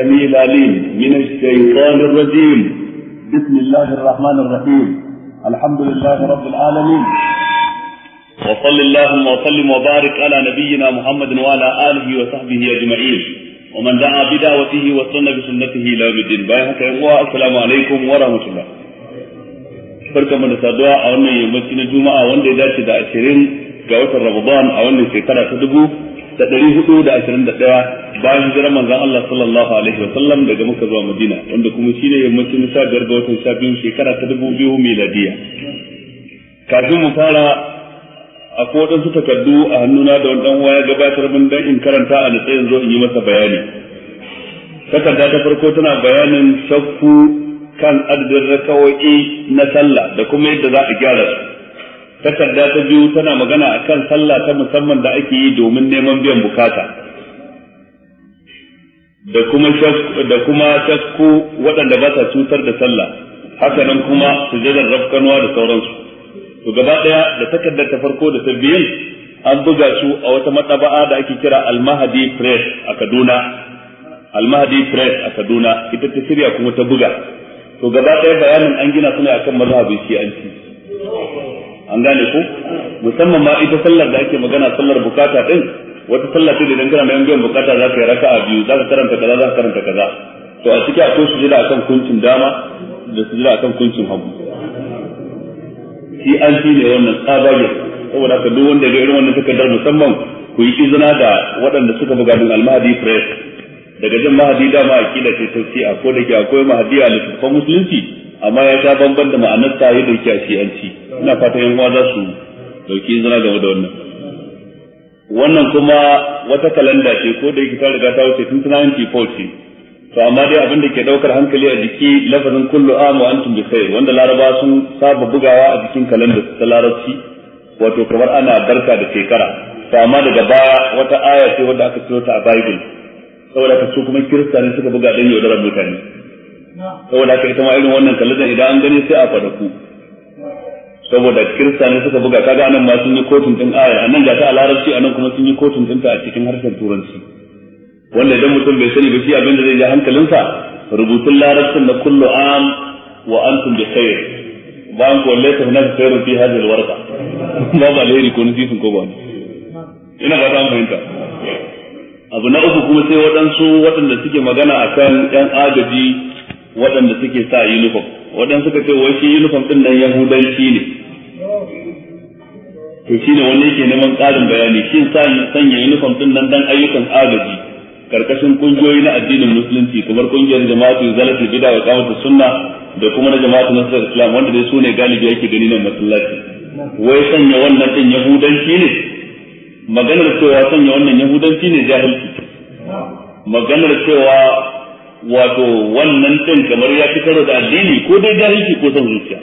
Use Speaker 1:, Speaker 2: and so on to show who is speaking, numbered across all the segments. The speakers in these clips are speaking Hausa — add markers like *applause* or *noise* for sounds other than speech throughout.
Speaker 1: السميع العليم من الشيطان الرجيم بسم الله الرحمن الرحيم الحمد لله رب العالمين وصل اللهم وسلم وبارك على نبينا محمد وعلى اله وصحبه اجمعين ومن دعا بدعوته وسن بسنته الى يوم الدين بايعك السلام عليكم ورحمه الله barkanmu da saduwa a wannan yammaci na juma'a wanda ya dace da ashirin ga watan ramadan a wannan shekara ta dubu da ɗari hudu da ashirin da ɗaya bayan hijirar manzon Allah sallallahu alaihi sallam daga muka zuwa Madina wanda kuma shine yammacin sha biyar ga watan sha biyu shekara ta dubu biyu miladiya kafin mu fara akwai waɗansu takardu a hannuna da wani ɗan ya gabatar min dan in karanta a natsa yanzu in yi masa bayani takarda ta farko tana bayanin shakku kan adadin rakawo'i na sallah da kuma yadda za a gyara su takarda ta biyu tana magana akan sallah ta musamman da ake yi domin neman biyan bukata da kuma da kuma shakku waɗanda ba sa cutar da sallah haka nan kuma sujadar rafkanwa da sauransu to gaba daya da takardar ta farko da ta biyu an buga su a wata matsaba'a da ake kira almahadi press a kaduna almahadi press a kaduna ita ta shirya kuma ta buga to gaba daya bayanin an gina su ne akan mazhabin shi'anci an gane ko musamman ma ita sallar da ake magana sallar bukata din wata sallar ce idan kana mai biyan bukata za ka yi raka'a biyu za ka karanta kaza za ka karanta kaza to a ciki akwai jira akan kuncin dama da jira akan kuncin hagu shi an shi ne wannan tsabage saboda ka duk wanda ya ga irin wannan takardar musamman ku yi izina da waɗanda suka buga din almahadi press daga jin mahadi dama a kila ce a ko da ke akwai mahadi a littattafan musulunci amma ya sha bamban da ma'anar ta yi dauki a shi'anci ina fatan yan za su dauki zina game da wannan wannan kuma wata kalanda ce ko da yake ta riga ta wuce tun 1994 to amma dai abin da ke daukar hankali a jiki lafazin kullu amu antum bi khair wanda laraba sun saba bugawa a jikin kalanda ta larabci wato kamar ana barka da shekara to amma daga baya wata aya ce wanda aka ciro ta a bible saboda ka su kuma kirista ne suka buga dan yaudarar mutane saboda haka ita ma irin wannan kallon idan an gani sai a fadaku saboda kirista ne suka buga kaga anan ma sun yi kotun din ayar anan ga ta a larabci anan kuma sun yi kotun din ta a cikin harshen turanci wanda idan mutum bai sani ba shi abin da zai ji hankalinsa rubutun larabcin na kullu am wa antum bi khair bayan ko laysa hunaka khairun fi hadhihi alwarqa ba ba lahiri ko sun ko ba ina ba ta fahimta abu na uku kuma sai waɗansu waɗanda suke magana akan yan agaji waɗanda suke sa uniform waɗanda suka ce wai shi uniform din nan yahudanci ne to shi ne wanda yake neman ƙarin bayani shin sanya uniform din nan dan ayyukan agaji karkashin kungiyoyi na addinin musulunci kamar kungiyar jama'atu zalati bid'a wa qawatu sunna da kuma na jama'atu nasrul islam wanda dai su ne galibi yake gani nan masallaci wai sanya wannan din yahudanci ne maganar cewa sanya wannan yahudanci ne jahilci maganar cewa wato wannan din kamar ya fi karo da addini ko dai jahilci ko son zuciya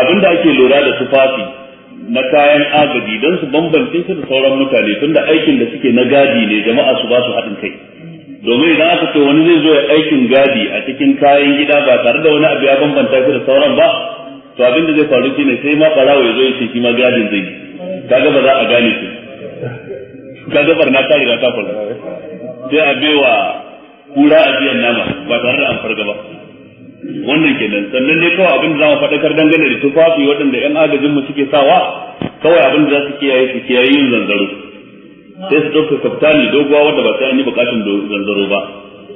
Speaker 1: abinda ake lura da tufafi na kayan agaji don su bambance su da sauran mutane tunda aikin da suke na gadi ne jama'a su ba su haɗin kai domin idan aka ce wani zai zo ya aikin gadi a cikin kayan gida ba tare da wani abu ya bambanta shi da sauran ba to abin zai faru shi ne sai ma ɓarawo ya zo ya ce shi ma gadin zai kaga ba za a gane su kaga barna ta riga ta kula. sai a bewa kura a biyan nama ba tare da amfar gaba ba wannan kenan sannan dai kawai abin da za mu faɗakar dangane da tufafi waɗanda ƴan agajin mu suke sawa kawai abin da za su kiyaye su kiyaye yin zanzaro sai su ɗauka kaftani doguwa wadda ba sai an yi buƙatun zanzaro ba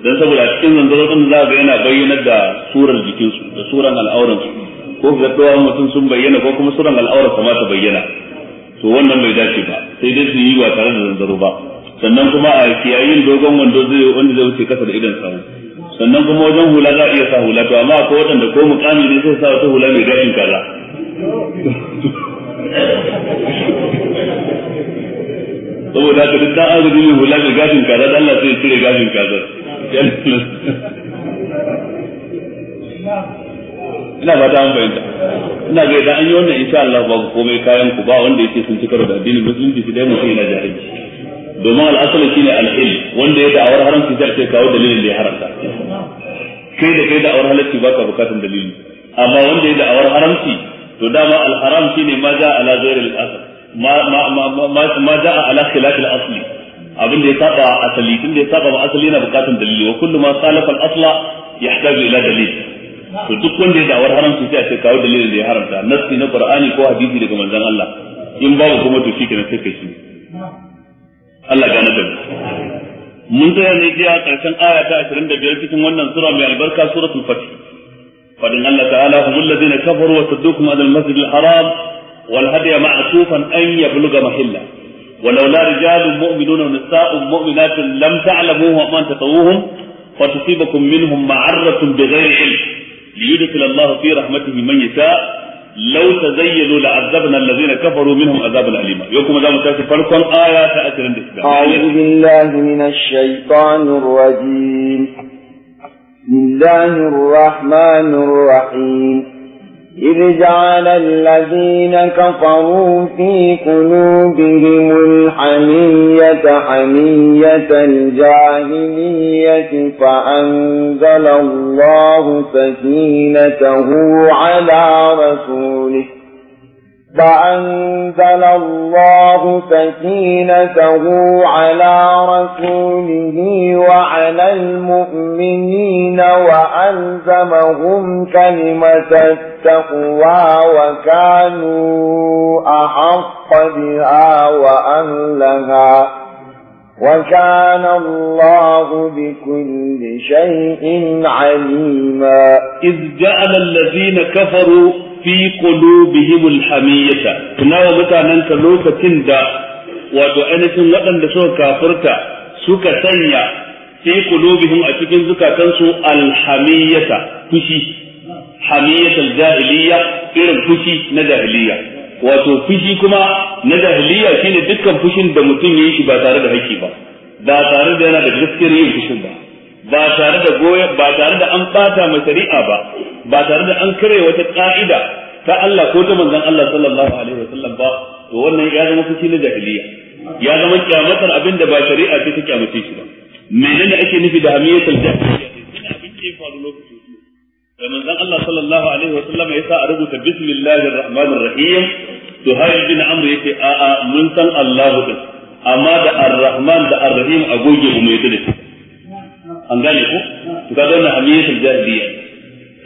Speaker 1: dan saboda a cikin zanzaro ɗin za ga yana bayyanar da surar jikinsu da suran al'auransu ko ga ɗawan mutum sun bayyana ko kuma suran al'auransa ma ta bayyana to wannan bai dace ba sai dai su yi ba tare da zanzaro ba sannan kuma a kiyayin dogon wando zai wanda zai wuce kasa da idan sawu sannan kuma wajen hula za a iya sa hula to amma akwai waɗanda ko mukami ne sai sa wata hula mai gashin kaza saboda ka duk dan azumi mai hula mai gashin kaza dan Allah sai cire gashin kaza ina ba ta fahimta ina ga idan an yi wannan insha Allah ba komai kayan ku ba wanda yake sun ci karo da addinin musulunci sai dai mutum yana jahilci domin al'asali ne al'il wanda ya da'awar haramci sai ce kawo dalilin da ya haramta kai da kai da'awar halarci baka bukatun dalili amma wanda ya da'awar haramci to dama al-haram shine ma za ala ghairi al-asl ma ma ma ala khilaf al-asli abin da ya saba asali tun da ya saba ma asali yana bukatun dalili wa kullu ma khalafa al-asla yahtaju ila dalil to duk wanda ya da'awar haramci sai a ce kawo dalilin da ya haramta nassi na qur'ani ko hadisi daga manzon Allah in babu kuma to shikenan sai kai shi Allah gane da mun tsaya ne jiya karshen aya ta 25 cikin wannan sura mai albarka suratul fatih fadin Allah ta'ala humul ladina kafaru wa saddukum an al-masjid haram wal hadiya ma'sufan an yabluga mahilla ولولا رجال مؤمنون ونساء مؤمنات لم تعلموهم وأن تطووهم فتصيبكم منهم معرة بغير علم ليدخل الله في رحمته من يشاء لو تزينوا لعذبنا الذين كفروا منهم عذابا اليما يوكم ذا متاسف فرقا آية تأثير اعوذ
Speaker 2: بالله من الشيطان الرجيم بسم الله الرحمن الرحيم إذ جعل الذين كفروا في قلوبهم الحمية حمية الجاهلية فأنزل الله سكينته على رسوله فأنزل الله سكينته على رسوله وعلى المؤمنين وألزمهم كلمة التقوى وكانوا أحق بها وأهلها وكان الله بكل شيء عليما إذ جعل الذين
Speaker 1: كفروا fi qulubihimul hamiyata tunawa mutanen ka lokacin da wato ainihin waɗanda suka kafirta suka sanya fi qulubihim a cikin su alhamiyata fushi hamiyata jahiliya irin fushi na jahiliya wato fushi kuma na jahiliya shine dukkan fushin da mutum yayi shi ba tare da haƙƙi ba ba tare da yana da gaskiyar yin fushin ba ba tare da goyon ba tare da an bata masari'a shari'a ba ba tare da an kare wata ka'ida ta Allah ko ta manzon Allah sallallahu alaihi wasallam ba to wannan ya zama fushi na jahiliya ya zama kyamatar abinda ba shari'a ce ta kyamace shi ba menene ake nufi da hamiyatul jahiliya ina abin da ya faru lokaci da manzon Allah sallallahu alaihi wasallam ya sa a rubuta bismillahir rahmanir rahim to hayy bin amr yake a a mun san Allah din amma da ar-rahman da ar-rahim a goge mu yadda da an gane ko to kaga wannan hamiyatul jahiliya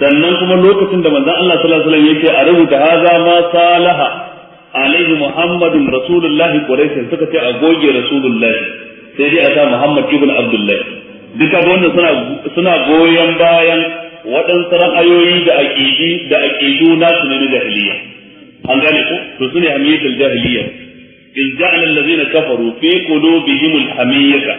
Speaker 1: sannan kuma lokacin da manzon Allah sallallahu alaihi wasallam yake a rubuta haza ma salaha alaihi muhammadun rasulullahi quraish suka ce a goge rasulullahi sai dai a sa muhammad ibn abdullahi duka wannan suna suna goyon bayan waɗansu ra'ayoyi da aƙidi da aƙidu nasu na jahiliya an gane ko to sune hamiyatul jahiliya إذ جعل الذين كفروا في قلوبهم الحمية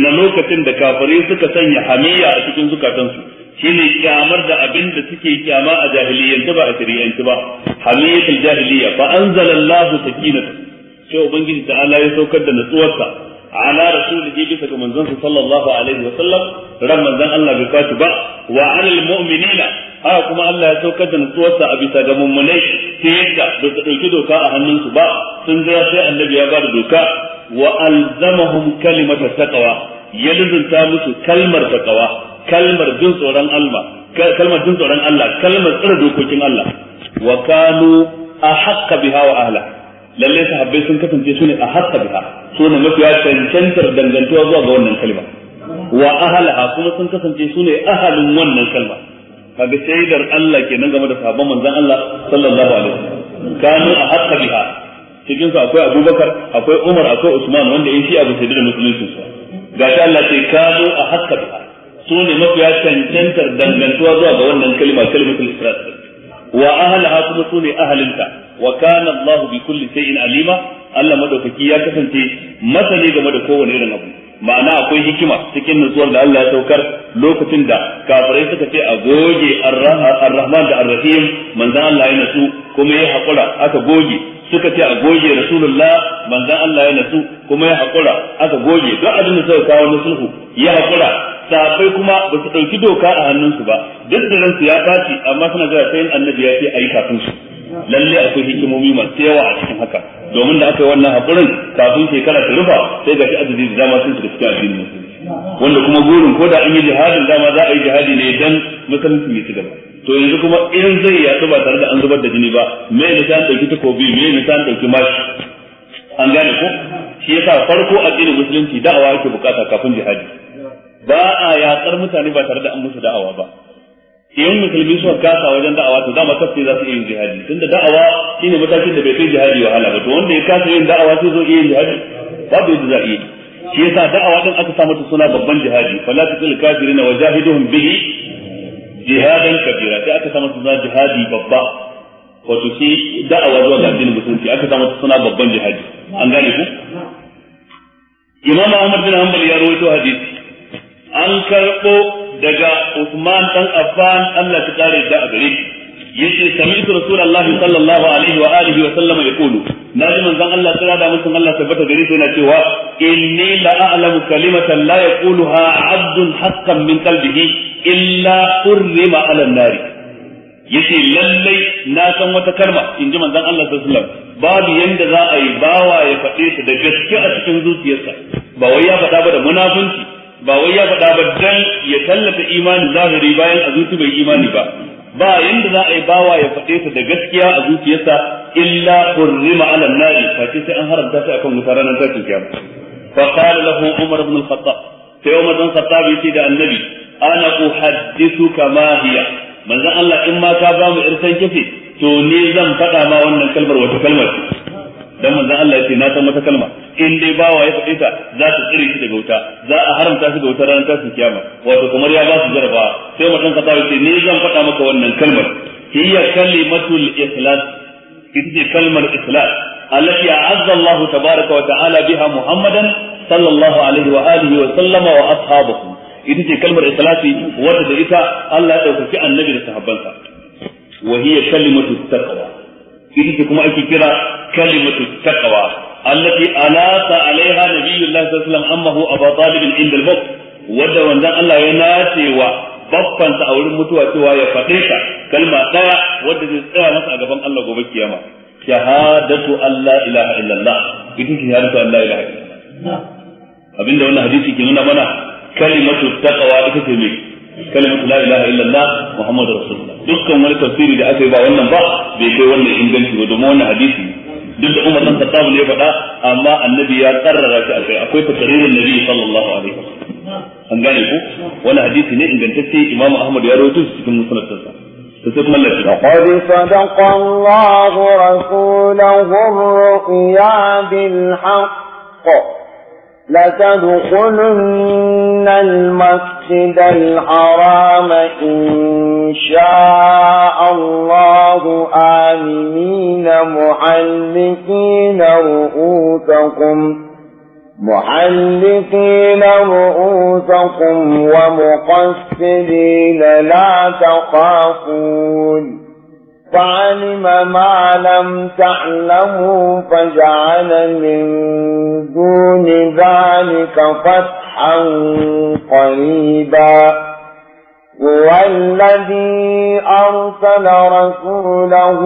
Speaker 1: lokacin da دا suka sanya سنيا a cikin سكا تنسو shine kyamar da abin da suke kyama a jahiliyyance ba a shari'ance ba hamiyatul jahiliya fa anzalallahu sakinata sai ubangiji ta Allah ya saukar da natsuwarsa ala rasulihi bisa ga manzon sallallahu alaihi wa sallam ran manzon Allah bai kwaci ba wa alal mu'minina haka kuma Allah ya saukar da natsuwarsa a bisa ga mummunai ta yadda ba su dauki doka a hannunsu ba sun jira sai annabi ya ba da doka wa alzamahum kalimata taqwa ya lizunta musu kalmar taqwa kalmar jin tsoron Allah kalmar jin tsoron Allah kalmar tsara dokokin Allah wa kanu ahaqqa biha wa ahla lalle sahabbai sun kasance su ne ahaqqa biha su ne mafiya cancantar dangantuwa zuwa ga wannan kalma wa ahliha kuma sun kasance su ne ahalin wannan kalma kaga shaidar Allah kenan game da sahabban manzon Allah sallallahu alaihi wasallam kanu ahaqqa biha cikin su akwai Abubakar akwai Umar akwai Usman wanda in shi abu sai da musulunci su gashi Allah ce kanu ahaqqa biha su ne mafiya cancantar dangantuwa zuwa ga wannan kalma kalmatul israr wa ahliha kuma su ne ahlinta wa kana Allah bi kulli shay'in alima Allah madaukaki ya kasance masani game da kowane irin abu ma'ana akwai hikima cikin nutsuwar da Allah ya saukar lokacin da kafirai suka ce a goge ar-rahman da ar-rahim manzon Allah ya nutsu kuma ya hakura aka goge suka ce a goge rasulullah manzan Allah ya nasu kuma ya haƙura aka goge don abin da suka kawo na sulhu ya haƙura sahabbai kuma ba su ɗauki doka a hannunsu ba duk da ransu ya ɓaci amma suna jira sai annabi ya ce a yi kafin su lalle akwai hikimomi masu yawa a cikin haka domin da aka yi wannan haƙurin kafin shekara ta rufa sai ga shi azizi dama sun shiga cikin addinin
Speaker 3: musulunci wanda kuma
Speaker 1: burin ko da an yi jihadin dama za a yi jihadi ne dan musulunci ya ci gaba to yanzu kuma in zai yaɗu ba tare da an zubar da jini ba me ne ta ɗauki takobi me ne ta ɗauki mashi an gane ko shi yasa farko addinin musulunci da'awa yake bukata kafin jihadi ba a yaƙar mutane ba tare da an musu da'awa ba in musulmi suka kasa wajen da'awa to dama tafsi za su iya yin jihadi tunda da'awa shine matakin da bai kai jihadi wahala ba to wanda ya kasa yin da'awa sai zo iya yin jihadi ba yadda za a iya shi yasa da'awa din aka samu suna babban jihadi fala tuqil kafirina wajahiduhum bihi jihadan kabira sai aka samu suna jihadi babba wato shi da'awa zuwa ga addinin musulunci aka samu suna babban jihadi an gane ku Imam Ahmad bin Hanbal ya rawaito hadisi an karbo daga Uthman dan Affan Allah ta kare da a gare shi yace sami'tu rasulullahi sallallahu alaihi wa alihi wa sallama yaqulu naji manzon Allah tsira da mutum Allah tabbata gare shi yana cewa inni la a'lamu kalimatan la yaquluha 'abdun haqqan min qalbihi illa urrima 'ala an-nar yace lallai na san wata kalma inji manzon Allah sallallahu alaihi wa wasallam babu yanda za a yi bawa ya faɗe ta da gaske a cikin zuciyarsa ba wai ya faɗa ba da munafunci ba wai ya faɗa ba dan ya tallata imanin zahiri bayan a zuci bai imani ba ba yanda za a yi bawa ya faɗe ta da gaskiya a zuciyarsa illa hurrima ala nari face sai an haramta shi akan wuta ranar tashin kiyama fa qala lahu umar ibn al-khattab sai umar ibn al-khattab yace da annabi ana uhaddithuka ma hiya manzon Allah in ma ka ba mu irsan kife to ne zan faɗa ma wannan kalmar wata kalmar dan manzon Allah ce na san wata kalma in dai bawa ya faɗi ta za ta tsire shi daga wuta za a haramta shi da wuta ranar tashin kiyama wato kamar ya ba su jaraba sai mutum ka tawo ce ni zan faɗa maka wannan kalmar hiya kalimatul ikhlas ita ce kalmar ikhlas allati azza Allah tabaraka wa ta'ala biha Muhammadan sallallahu alaihi wa alihi wa sallama wa ashabahu ita ce kalmar ikhlasi wadda da ita Allah ya ɗaukaki annabi da sahabbansa wa hiya ita ce kuma ake kira kalimatu taqwa allati alasa alaiha nabiyullahi sallallahu alaihi wasallam ammahu abu talib inda al-maut wanda wanzan Allah ya nacewa babbansa a wurin mutuwa cewa ya faɗe ta kalma daya wanda zai tsaya masa a gaban Allah gobe kiyama shahadatu Allah ilaha illallah ita ce shahadatu Allah ilaha illallah abinda wannan hadisi ke nuna mana kalimatu taqwa ita ce mai kalimatu la ilaha illallah muhammadur rasulullah dukkan wani tafsiri da aka yi ba wannan ba bai kai wannan inganci ba domin wannan hadisi duk da Umar dan Khattab ne faɗa amma annabi ya karrara shi a kai akwai takririn nabi sallallahu alaihi wasallam an gane ku wani hadisi ne ingantacce Imam Ahmad ya rawaito shi cikin musnadinsa لقد
Speaker 2: صدق الله رسوله الرؤيا بالحق لتدخلن المسجد الحرام إن شاء الله آمنين محلقين رؤوسكم محلقين رؤوسكم ومقصرين لا تخافون فعلم ما لم تعلموا فجعل من دون ذلك فتحا قريبا هو الذي أرسل رسوله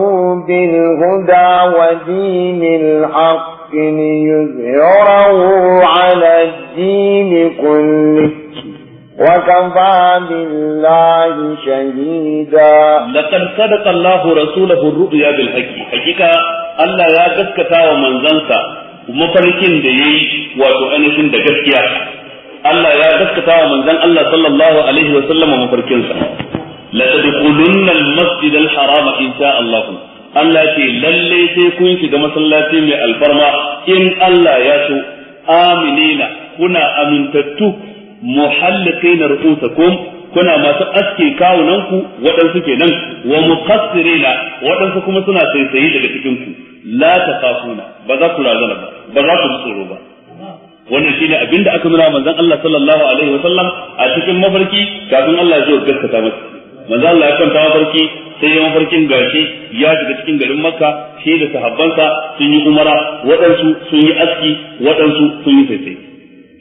Speaker 2: بالهدى ودين الحق ليظهره على الدين كله وكفى بالله شهيدا لقد صدق الله رسوله الرؤيا بالحق حقيقة الله يا قسكتا ومن زنسا
Speaker 1: mafarkin da ya yi wato ainihin da gaskiya Allah ya gaskata wa manzon Allah sallallahu alaihi wa sallama mafarkinsa la tadkhulunna al Allah ce lalle sai kun shiga masallaci mai alfarma in Allah ya so aminina kuna amintattu muhalliqina ru'usakum kuna masu aske kawunanku waɗansu kenan wa muqassirina waɗansu kuma suna saisayi daga cikin ku la taqafuna ba za ku razana ba ba za ku tsoro ba wannan shine abin da aka nuna manzon Allah sallallahu alaihi wasallam a cikin mafarki kafin Allah ya zo gaskata masa manzon Allah ya kwanta mafarki sai ya mafarkin gashi ya shiga cikin garin Makka shi da sahabbansa sun yi umara waɗansu sun yi aski waɗansu sun yi saisayi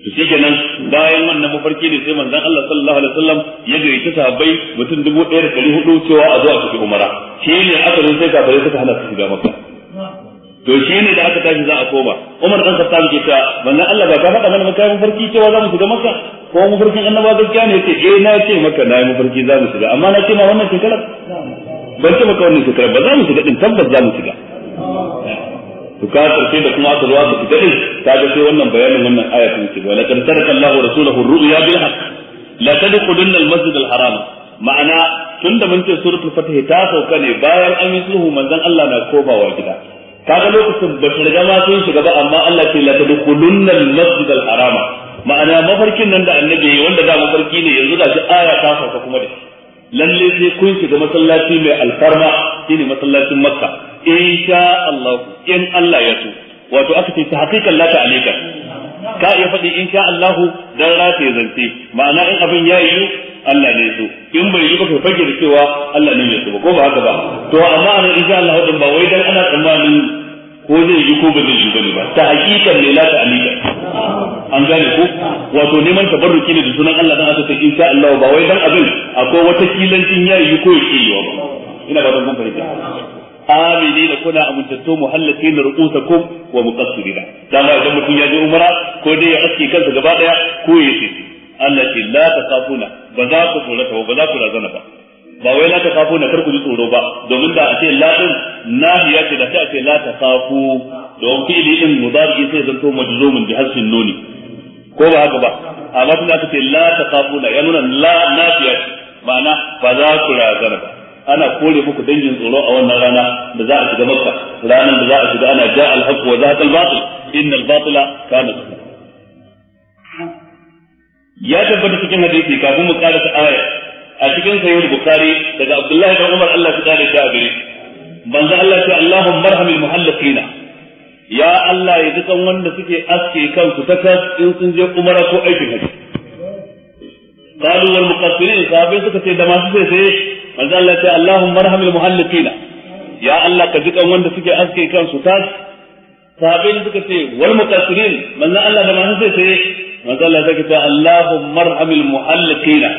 Speaker 1: to shi kenan bayan wannan mafarki ne sai manzon Allah sallallahu alaihi wasallam ya gaita sahabbai mutum dubu da 1400 cewa a zo a tafi umara shi ne aka zo sai kafirai suka hana su shiga maka to shi ne da aka tashi za a koma Umar dan Khattab ke ta manzon Allah ba ka faɗa mana maka mafarki cewa za mu shiga maka ko mafarkin annabawa gaskiya ne yace eh na ce maka na yi mafarki za mu shiga amma na ce ma wannan shekarar ban ce maka wannan shekarar ba za mu shiga din tabbas za mu shiga bukatar ce da kuma aka zuwa su fita din ta ga sai wannan bayanin wannan aya ta ce wala kan taraka Allah wa rasuluhu ru'ya bil haqq la tadkhulunna al masjid al haram ma'ana tunda mun ce suratul fatih ta sauka ne bayan an yi sulhu manzon Allah na kobawa gida kaga lokacin ba su riga ma sun shiga ba amma Allah ce la tadkhulunna al masjid al haram ma'ana mafarkin nan da annabi yayi wanda da mafarki ne yanzu da shi aya ta sauka kuma da lalle sai kun shiga masallaci mai alfarma shine masallacin makka in sha Allah in Allah ya so wato aka ce hakikan la alika ka iya faɗi in sha Allah dan rata ya zance ma'ana in abin ya yi Allah ne so in bai yi ba kai fage da cewa Allah ne ya so ba ko ba haka ba to amma anan in sha Allah din ba wai dan ana tsammanin ko zai yi ko ba zai yi bane ba ta hakikan ne la alika an gane ko wato neman tabarruki ne da sunan Allah dan aka ce in sha Allah ba wai dan abin akwai wata kilancin yi ko yake yi ba ina ba don kun fahimta da kuna amintattu muhallatin ru'usakum wa muqassirina dama idan mutum ya je umara ko dai ya aske kansa gaba daya ko ya ce. Allah ce la kafuna ba za ku tsorata ba za ku razana ba ba wai la kafuna kar ku ji tsoro ba domin da a ce la din nahiya ce da ta ce la takafu don fi'li din mudari sai zanto majzumun bi hasfin nuni ko ba haka ba amma tunda aka ce la kafuna ya nuna la nafiya ma'ana ba za ku razana ba ana kore muku dangin tsoro a wannan rana da za a shiga makka ranar da za a shiga ana ja al wa zahaqa al-batil inna al kana ya tabbata cikin hadisi kafin mu karasa aya a cikin sahih bukhari daga abdullahi da umar Allah ya kare shi a gare manzo Allah ya ce Allahumma arhamil muhallaqina ya Allah ya dukan wanda suke aske kansu ta kas in sun je umara ko aikin haji قالوا والمقصرين صحابين suka ce da masu sai sai manzo Allah ya ce Allahumma arhamil muhalliqina ya Allah ka ji kan wanda suke aske kansu tas sahabbai suka ce wal mutasirin manzo Allah da manzo sai sai manzo Allah ya ce Allahumma arhamil muhalliqina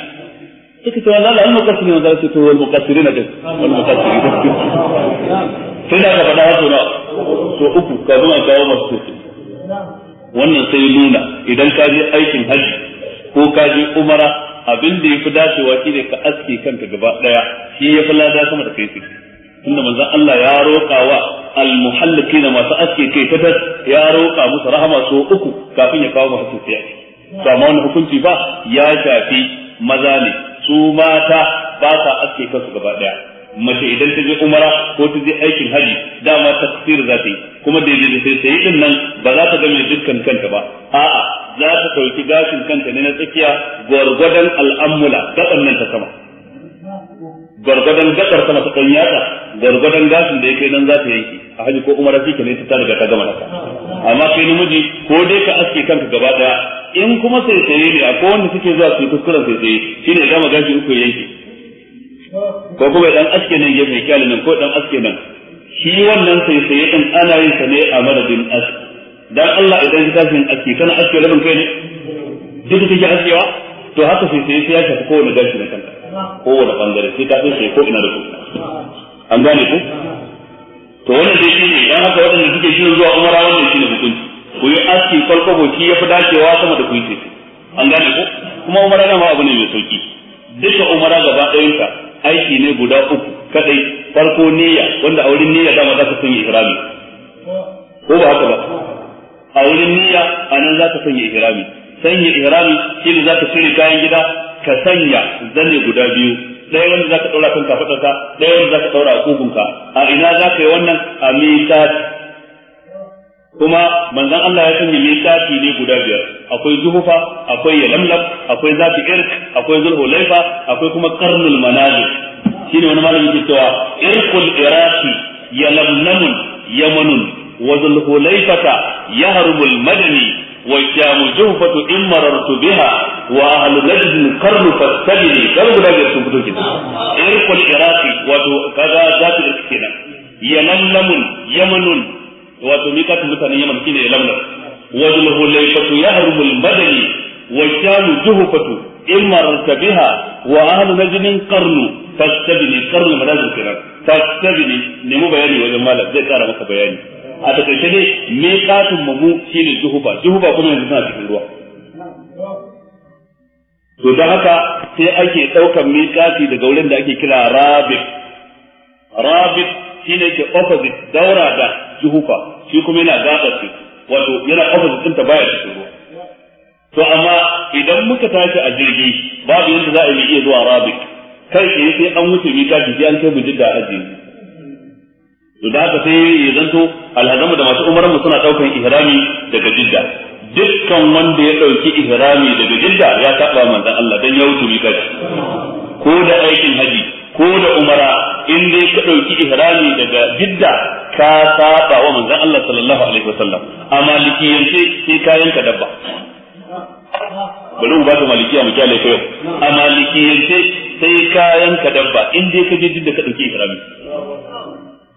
Speaker 1: suka ce wallahi al mutasirin manzo sai to wal mutasirin da wal mutasirin sai da ka faɗa wato na so uku ka zo an kawo masu sai wannan sai nuna idan ka je aikin hajji ko ka je umara abin da yafi dacewa shine ka aske kanka gaba daya shi fi lada sama da kai sirri tunda manzon Allah ya roƙa wa da masu aske kai ta tas ya roƙa musu rahama so uku kafin ya kawo mu hukunci to amma wannan hukunci ba ya shafi maza ne su mata ba sa aske kansu gaba daya mace idan ta je umara ko ta je aikin haji dama tafsir za ta yi kuma da yake sai sai din nan ba za ta ga mai dukkan kanta ba a'a za ta dauki gashin kanta ne na tsakiya gwargwadon al'amula gaɗan nan ta sama gwargwadon gaɗar sama ta yatsa gwargwadon gashin da yake nan za ta yanki a haji ko umara shi ne ta da ta gama ta amma kai namiji ko dai ka aske kanka gaba daya in kuma sai sai ne a kowanne suke zuwa su kuskuren sai sai shine gama gashi uku yanki ko kuma dan aske nan gefe kyalin nan ko dan aske nan shi wannan sai sai dan ana yin sa ne a madadin aski dan Allah idan ka san aski kana aske rabin kai ne duk kake askewa to haka sai sai ya shafi wani gashi na kanka wani bangare sai ka sai ko ina da ku an gane ku to wannan dai ne dan haka wannan suke shirin zuwa umara wannan ne hukunci ku yi aski kwalkwabo shi ya fi dacewa sama da ku yi an gane ku kuma umara ma abu ne mai sauki duka umara gaba ɗayanta aiki ne guda uku kadai farko niyya wanda a wurin niyya dama za ka sanya ihrami ko ba haka ba a wurin niyya a nan za ka sanya ihrami sanya ihrami shi ne za ka cire kayan gida ka sanya zane guda biyu ɗaya wanda za ka ɗaura kan kafaɗarka ɗaya wanda za ka ɗaura a kugunka a ina za ka yi wannan a mitat kuma manzon Allah ya sanya miƙati ne guda biyar akwai zuhufa akwai yalamlab akwai zati irk akwai zulhulaifa akwai kuma qarnul manazil shine wani malami ke cewa irkul iraqi yalamlamun yamanun wa zulhulaifata yahrumul madani wa jamu zuhfatu in marartu biha wa ahlu najd qarn fastabili kar guda biyar sun fito kenan irkul iraqi wato kaga zati irk kenan yalamlamun yamanun wato miqatu mutanen yaman shine lamna wajul hulayfatu ya al-madani wa shamu juhufatu imma rakabiha wa ahlu najdin qarnu fastabini qarnu manazil kiran fastabini nemi bayani wajen malam zai kara maka bayani a takaice dai miqatun mu shine Zuhu ba kuma yanzu suna cikin ruwa to da haka sai ake ɗaukar miƙati daga wurin da ake kira rabit rabit shine ke opposite daura da juhufa shi kuma yana gabar su wato yana kafa din ta baya cikin ruwa to amma idan muka tashi a jirgi babu yadda za a yi iya zuwa rabik kai sai an wuce mika jiki an kai mu aji to da haka sai ya zanto alhazama da masu umaran suna daukan ihrami daga jidda dukkan wanda ya dauki ihrami daga jidda ya taba manzon Allah dan ya wuce mika ko da aikin haji ko da umara in dai ka ɗauki ihrami daga jidda ka saba wa manzon Allah sallallahu alaihi wasallam a malikiyance sai kayan ka dabba bari mu ba ta malikiya mu kyale yau a malikiyance sai kayan ka dabba in dai ka je jidda ka ɗauki ihrami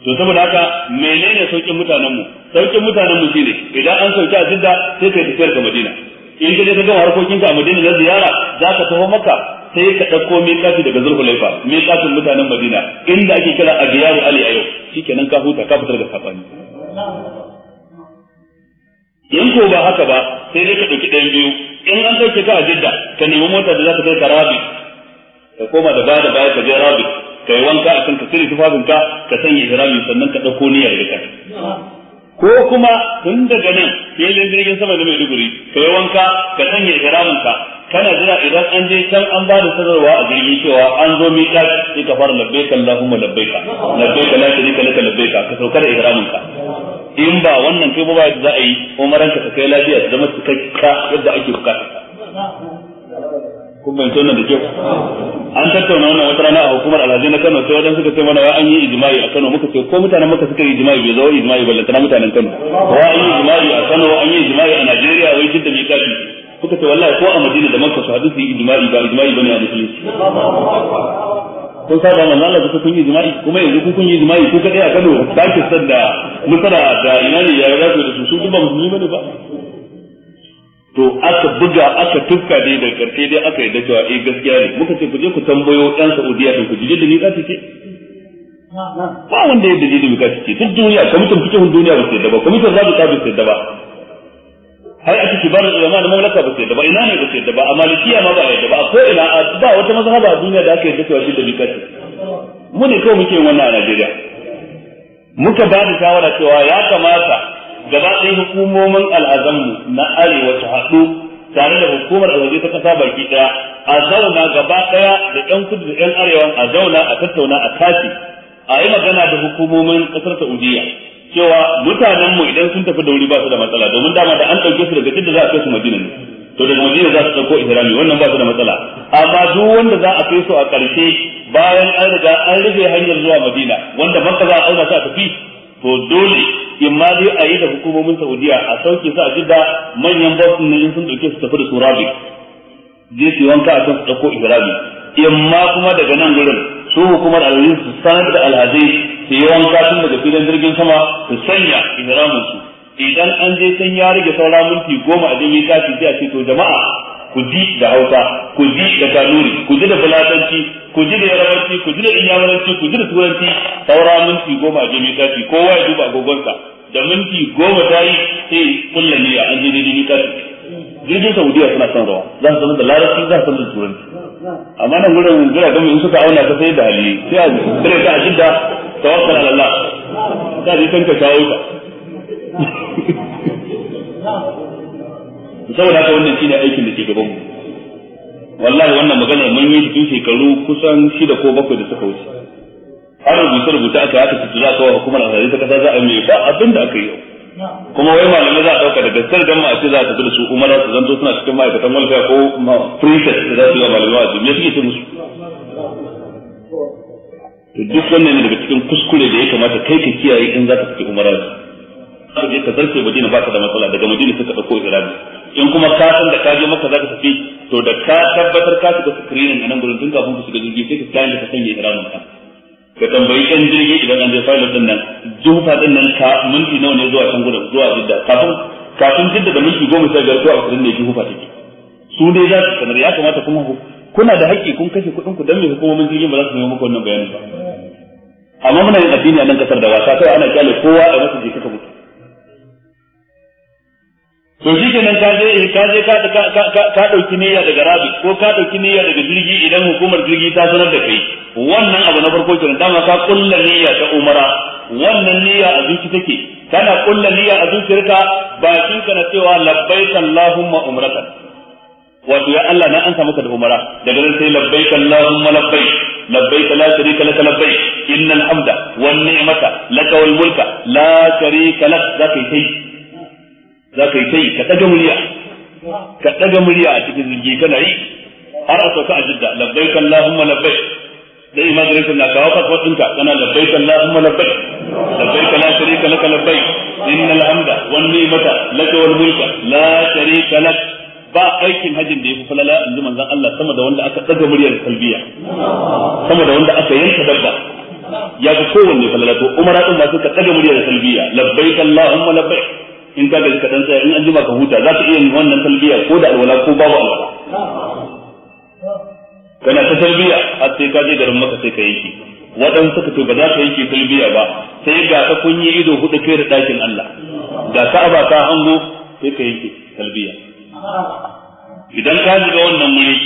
Speaker 1: to saboda haka menene saukin mutanen mu saukin mutanen mu shine idan an sauke a jidda sai kai tafiyar ga madina in ka je ka gama harkokin ka a Madina na ziyara za ka taho maka sai ka ɗauko miƙati daga Zulhulaifa miƙatin mutanen Madina inda ake kira a Abiyaru Ali a yau shikenan ka huta ka fitar da sabani in ko ba haka ba sai dai ka ɗauki ɗayan biyu in an ɗauke ka a Jidda ka nemi mota da za ka kai ka rabi ka koma da baya da baya ka je rabi ka yi wanka a kan ka cire tufafin ka ka sanya ihrami sannan ka ɗauko niyyar da ko kuma tun daga nan filin jirgin sama da Maiduguri ka yi wanka ka sanya ihramin ka kana jira idan an je can an ba da sanarwa a jirgin cewa an zo miƙat sai ka fara labbaika Allahumma labbaika labbaika la sharika laka labbaika ka sauka da ihramin ka in ba wannan kai ba za a yi umaranka ka kai lafiya ta zama cikakka yadda ake bukata kun bai tona da kyau an tattauna wannan wata rana a hukumar alhaji na Kano sai wajen suka ce mana wai an yi ijimai a Kano muka ce ko mutanen maka suka yi ijimai bai zo ijimai balle kana mutanen Kano wai an yi ijimai a Kano an yi ijimai a Najeriya wai jidda mai kafi suka ce wallahi ko a Madina da Makka su hadu su yi ijimai ba ijma'i bane a musulunci kun saba manzo Allah kuka kun yi jima'i kuma yanzu ku kun yi jima'i ku kadai a Kano ba ki sanda musara da imani ya rabu da su su ba musulmi bane ba to aka buga aka tufka dai da karshe dai aka yi da cewa eh gaskiya ne muka ce ku je ku tambayo ɗan Saudiya din ku ji da ni ce ba wanda ya dalili mu kashi ce duk duniya kwamitin hun duniya ba su da ba kwamitin za ta ba su da ba har a cikin bar ulama da mamlaka ba su da ba ina ne ba su da ba a malikiya ma ba sai da ba a ina a ba wata mazhaba a duniya da aka da cewa shi da mu kashi mu ne kawai muke wannan a Najeriya muka ba da shawara cewa ya kamata gaba ɗaya hukumomin al'azammu na arewa su haɗu tare da hukumar alhaji ta kasa baki ɗaya a zauna gaba ɗaya da ƴan kudu da ƴan arewa a zauna a tattauna a tashi a yi magana da hukumomin ƙasar saudiya cewa mutanenmu idan sun tafi da wuri ba su da matsala domin dama da an ɗauke su daga da za a kai su madina ne to daga madina za su ɗauko ihrami wannan ba su da matsala amma duk wanda za a kai su a ƙarshe bayan an riga an rufe hanyar zuwa madina wanda makka za a auna su a tafi to dole in ma dai a yi da hukumomin saudiya a sauke sa a jidda manyan boston ne sun dauke su tafi da su rabi je su wanka a kan su dauko ihrabi in ma kuma daga nan gurin su hukumar alhazin su sanar da alhazai su yi wanka tun daga filin jirgin sama su sanya ihramin su idan an je can ya rage saura minti goma a jirgin kafin sai a ce to jama'a ku ji da hausa ku ji da kanuri ku ji da fulatanci ku ji da yarabanci ku ji da inyamuranci ku ji da turanci saura minti goma a jami kati kowa ya duba gogonsa da minti goma ta yi sai kulla a an je daidai kati jirgin saudiya suna son rawa za su sanar da larabci za su sanar da turanci amma nan wurin jira don in suka auna ta sai da hali sai a kare ta a shidda tawakkal ala Allah ta ji kanka shawo
Speaker 3: ta *laughs*
Speaker 1: saboda haka wannan shine aikin da ke gaban mu wallahi wannan maganar mun yi tun shekaru kusan shida ko bakwai da suka wuce har rubuce rubuce aka yi haka fito za ka hukumar alhari ta kasa za a mai ba abin da aka yi kuma wai malamai za a ɗauka da gaskar dan ma a ce za a tafi da su umara su zanto suna cikin ma'aikatan walfiya ko princess da za su yi malamai wa me suke ce musu to duk wannan ne daga cikin kuskure da ya kamata kai ka kiyaye in za ka fita umara ka ka zarce madina ba ka da matsala daga madina suka ɗauko irani in kuma ka san da ka je maka zaka tafi to da ka tabbatar ka shiga screening a nan gurin tun kafin ku shiga jirgi sai ka tsaya ka sanya iramin ka ka tambayi kan jirgi idan an je pilot din nan jufa din nan ka minti nawa ne zuwa can gurin zuwa jidda kafin kafin jidda da minti goma sai ga zuwa ashirin ne jufa take su dai za su sanar ya kamata kuma kuna da haƙƙi kun kashe kuɗin ku don me hukumomin jirgin ba za su nemi muku wannan bayanin ba amma muna yin addini a nan kasar da wasa kawai ana kyale kowa a wasu je kaka mutu to shi nan ka je ka je ka ka dauki niyya daga rabi ko ka dauki niyya daga jirgi idan hukumar jirgi ta sanar da kai wannan abu na farko kenan dama ka kulla niyya ta umara wannan niyya a zuci take kana kulla niyya a zuciyarka bakin ka na cewa labbaik allahumma umratan wato ya Allah na an samu da umara daga nan sai labbaik allahumma labbaik labbaik la sharika lak labbaik innal hamda wan ni'mata lak wal mulka la sharika lak zakai za ka yi ta yi ka ɗaga murya ka ɗaga murya a cikin jirgi kana yi har a sauka a jidda labbai labbai dai da rikin na kawo kasuwar ɗinka kana labbai kallahumma labbai labbai kala sharika laka labbai innal hamda wan ni'mata laka wal mulka la sharika lak ba aikin hajin da falala in ji manzon Allah sama da wanda aka ɗaga muryar sama da wanda aka yanka dabba ya kowanne falala to umara din suka ɗaga muryar in ka gaji kaɗan tsaya in an jima ka huta za ka iya wannan talbiya ko da alwala ko babu alwala kana ta talbiya har sai ka je garin maka sai ka yi shi waɗansu suka to ba za ka yi ke talbiya ba sai ga ka kun yi ido hudu kai da ɗakin Allah ga ka aba ka hango sai ka yi talbiya idan ka shiga wannan wuri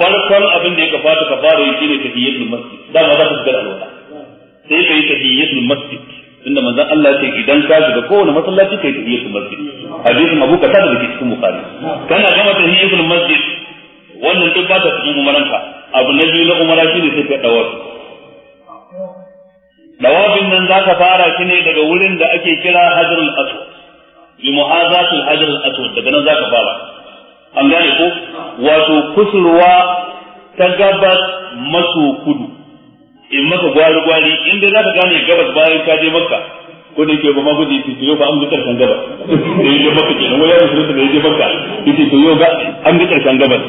Speaker 1: farkon abin da ya kafata ka fara yi shine tahiyyatul masjid dama za ka shiga alwala sai ka yi tahiyyatul masjid tunda manzon Allah ya ce idan ka shiga kowane masallaci kai tahiyatul masjid hadisin Abu Qatada da ke cikin Bukhari kana gama tahiyatul masjid wannan duk ba ta cikin umaranka abu na biyu na umara shine sai ka dawo dawabin nan zaka fara shi ne daga wurin da ake kira Hajarul Aswad bi muhazatil Hajarul Aswad daga nan zaka fara an gane ko wato kusurwa ta gabas maso kudu in maka gwari gwari in dai zaka gane gabas bayan ka je makka ko da yake ba ma gudu yake yau ba an karshen gabas da yake makka kenan wani ya musulunta da yake makka yake to yau ga an karshen gabas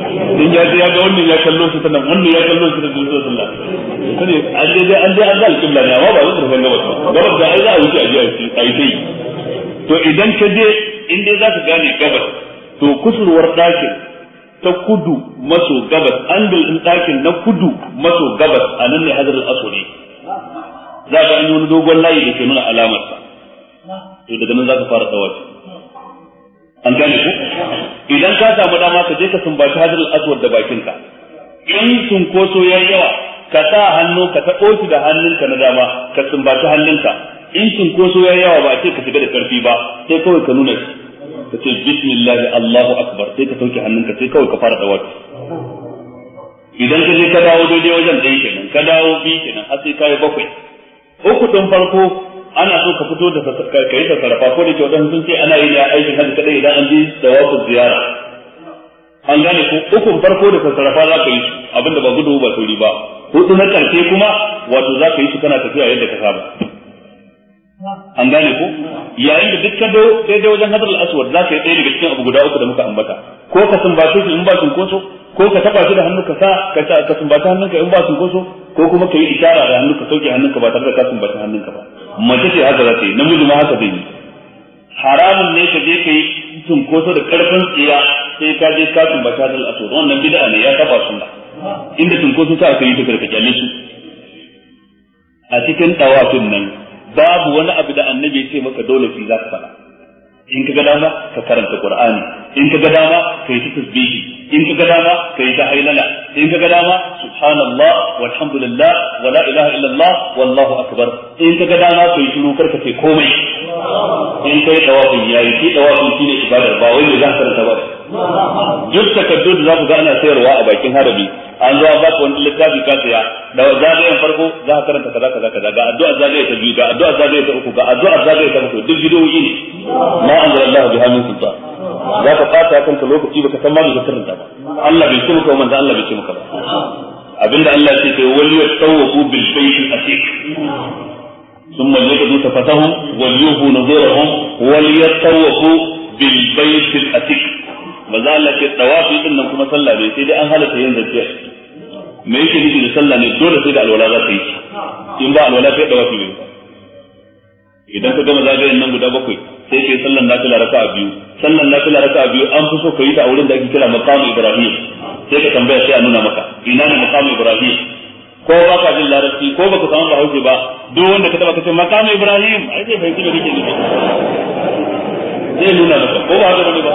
Speaker 1: in ya je ya ga wannan ya kallo shi sannan wannan ya kallo shi da sallallahu alaihi sai an je an je an ga alƙibla ne amma ba karshen gabas gabas da ai a wuce a je a yi sai to idan ka je in dai zaka gane gabas to kusurwar ɗakin ta kudu maso gabas angle din ɗakin na kudu maso gabas a nan ne hajar aswadi za ka an yi wani dogon layi da ke nuna alamar sa to daga nan za ka fara tsawaci an gane ku idan ka samu dama ka je ka sumbaci hadar aswad da bakinka in sunkoso ya yawa ka sa hannu ka taɓo shi da hannunka na dama ka sumbaci hannunka in sunkoso ya yawa ba ce ka shiga da karfi ba sai kawai ka nuna shi ka ce bismillah Allahu akbar sai ka sauke hannunka sai kawai ka fara dawaki idan ka je ka dawo daidai wajen ɗaya kenan ka dawo biyu kenan har sai ka yi bakwai uku tun farko ana so ka fito da ka ta sarrafa ko da ke wadansu sun ce ana yi aikin hajji kaɗai idan an da wasu ziyara an gane ko uku farko da sarrafa za ka yi su abinda ba gudu ba sauri ba ko na ƙarshe kuma wato za ka yi su kana tafiya yadda ka saba an gane ko yayin da dukkan da sai da wajen hadar al-aswad za ka yi ɗaya daga cikin abu guda uku da muka ambata ko ka sumbace shi in ba koso ko ka taba shi da hannu ka sa ka sa ka sumbace hannunka in ba koso ko kuma ka yi isara da hannu ka sauke hannunka ba tare da ka sumbace hannunka ba
Speaker 2: mace ce haka za ta yi namiji ma haka zai
Speaker 1: yi haramun ne ka je ka yi sunkoso da karfin tsiya sai ka je ka sumbace hadar al-aswad wannan bid'a ne ya sun ba inda sunkoso ta aka yi ta karkace su a cikin tawafin nan babu wani abu da annabi ya ce maka dole fi za ka faɗa in ka ga dama ka karanta qur'ani in ka ga dama ka yi tasbihi in ka ga dama ka yi tahayyala in ka ga dama subhanallah walhamdulillah wala ilaha illallah wallahu akbar in ka ga dama ka yi shiru karka ce komai in ka yi tawafin yayi shi tawafin shine ibadar ba wai ne za ka karanta ba duk takardu da za ku ga ana sayarwa a bakin harabi an zo ba ku wani littafi ka saya da zagayen farko za ka karanta kaza kaza kaza ga addu'a zagaye ta biyu ga addu'a zagaye ta uku ga addu'a zagaye ta uku duk bidiyoyi ne ma allah biha hannun sultan za ka fata ka lokaci baka san ma ka karanta ba Allah bai ce maka manzo Allah bai ce maka ba abinda Allah ya ce wal yatawafu bil bayt asik ثم ليقضوا تفتهم وليوفوا نذورهم وليطوفوا بالبيت الأتيك maza Allah ce tawafi din nan kuma sallah bai sai dai an halatta yin zance me yake nufi da sallah ne dole sai da alwala za ta yi in ba alwala sai tawafi ne idan ka gama zagayen nan guda bakwai sai yi sallan kila raka'a biyu sallan kila raka'a biyu an fi so ka yi ta a wurin da ake kira maqam ibrahim sai ka tambaya sai a nuna maka ina ne maqam ibrahim ko ba ka jin larabci ko ba ka samu bahaushe ba duk wanda ka taba ka ce maqam ibrahim ai zai fahimci me kake nufi zai nuna maka ko ba haka ne ba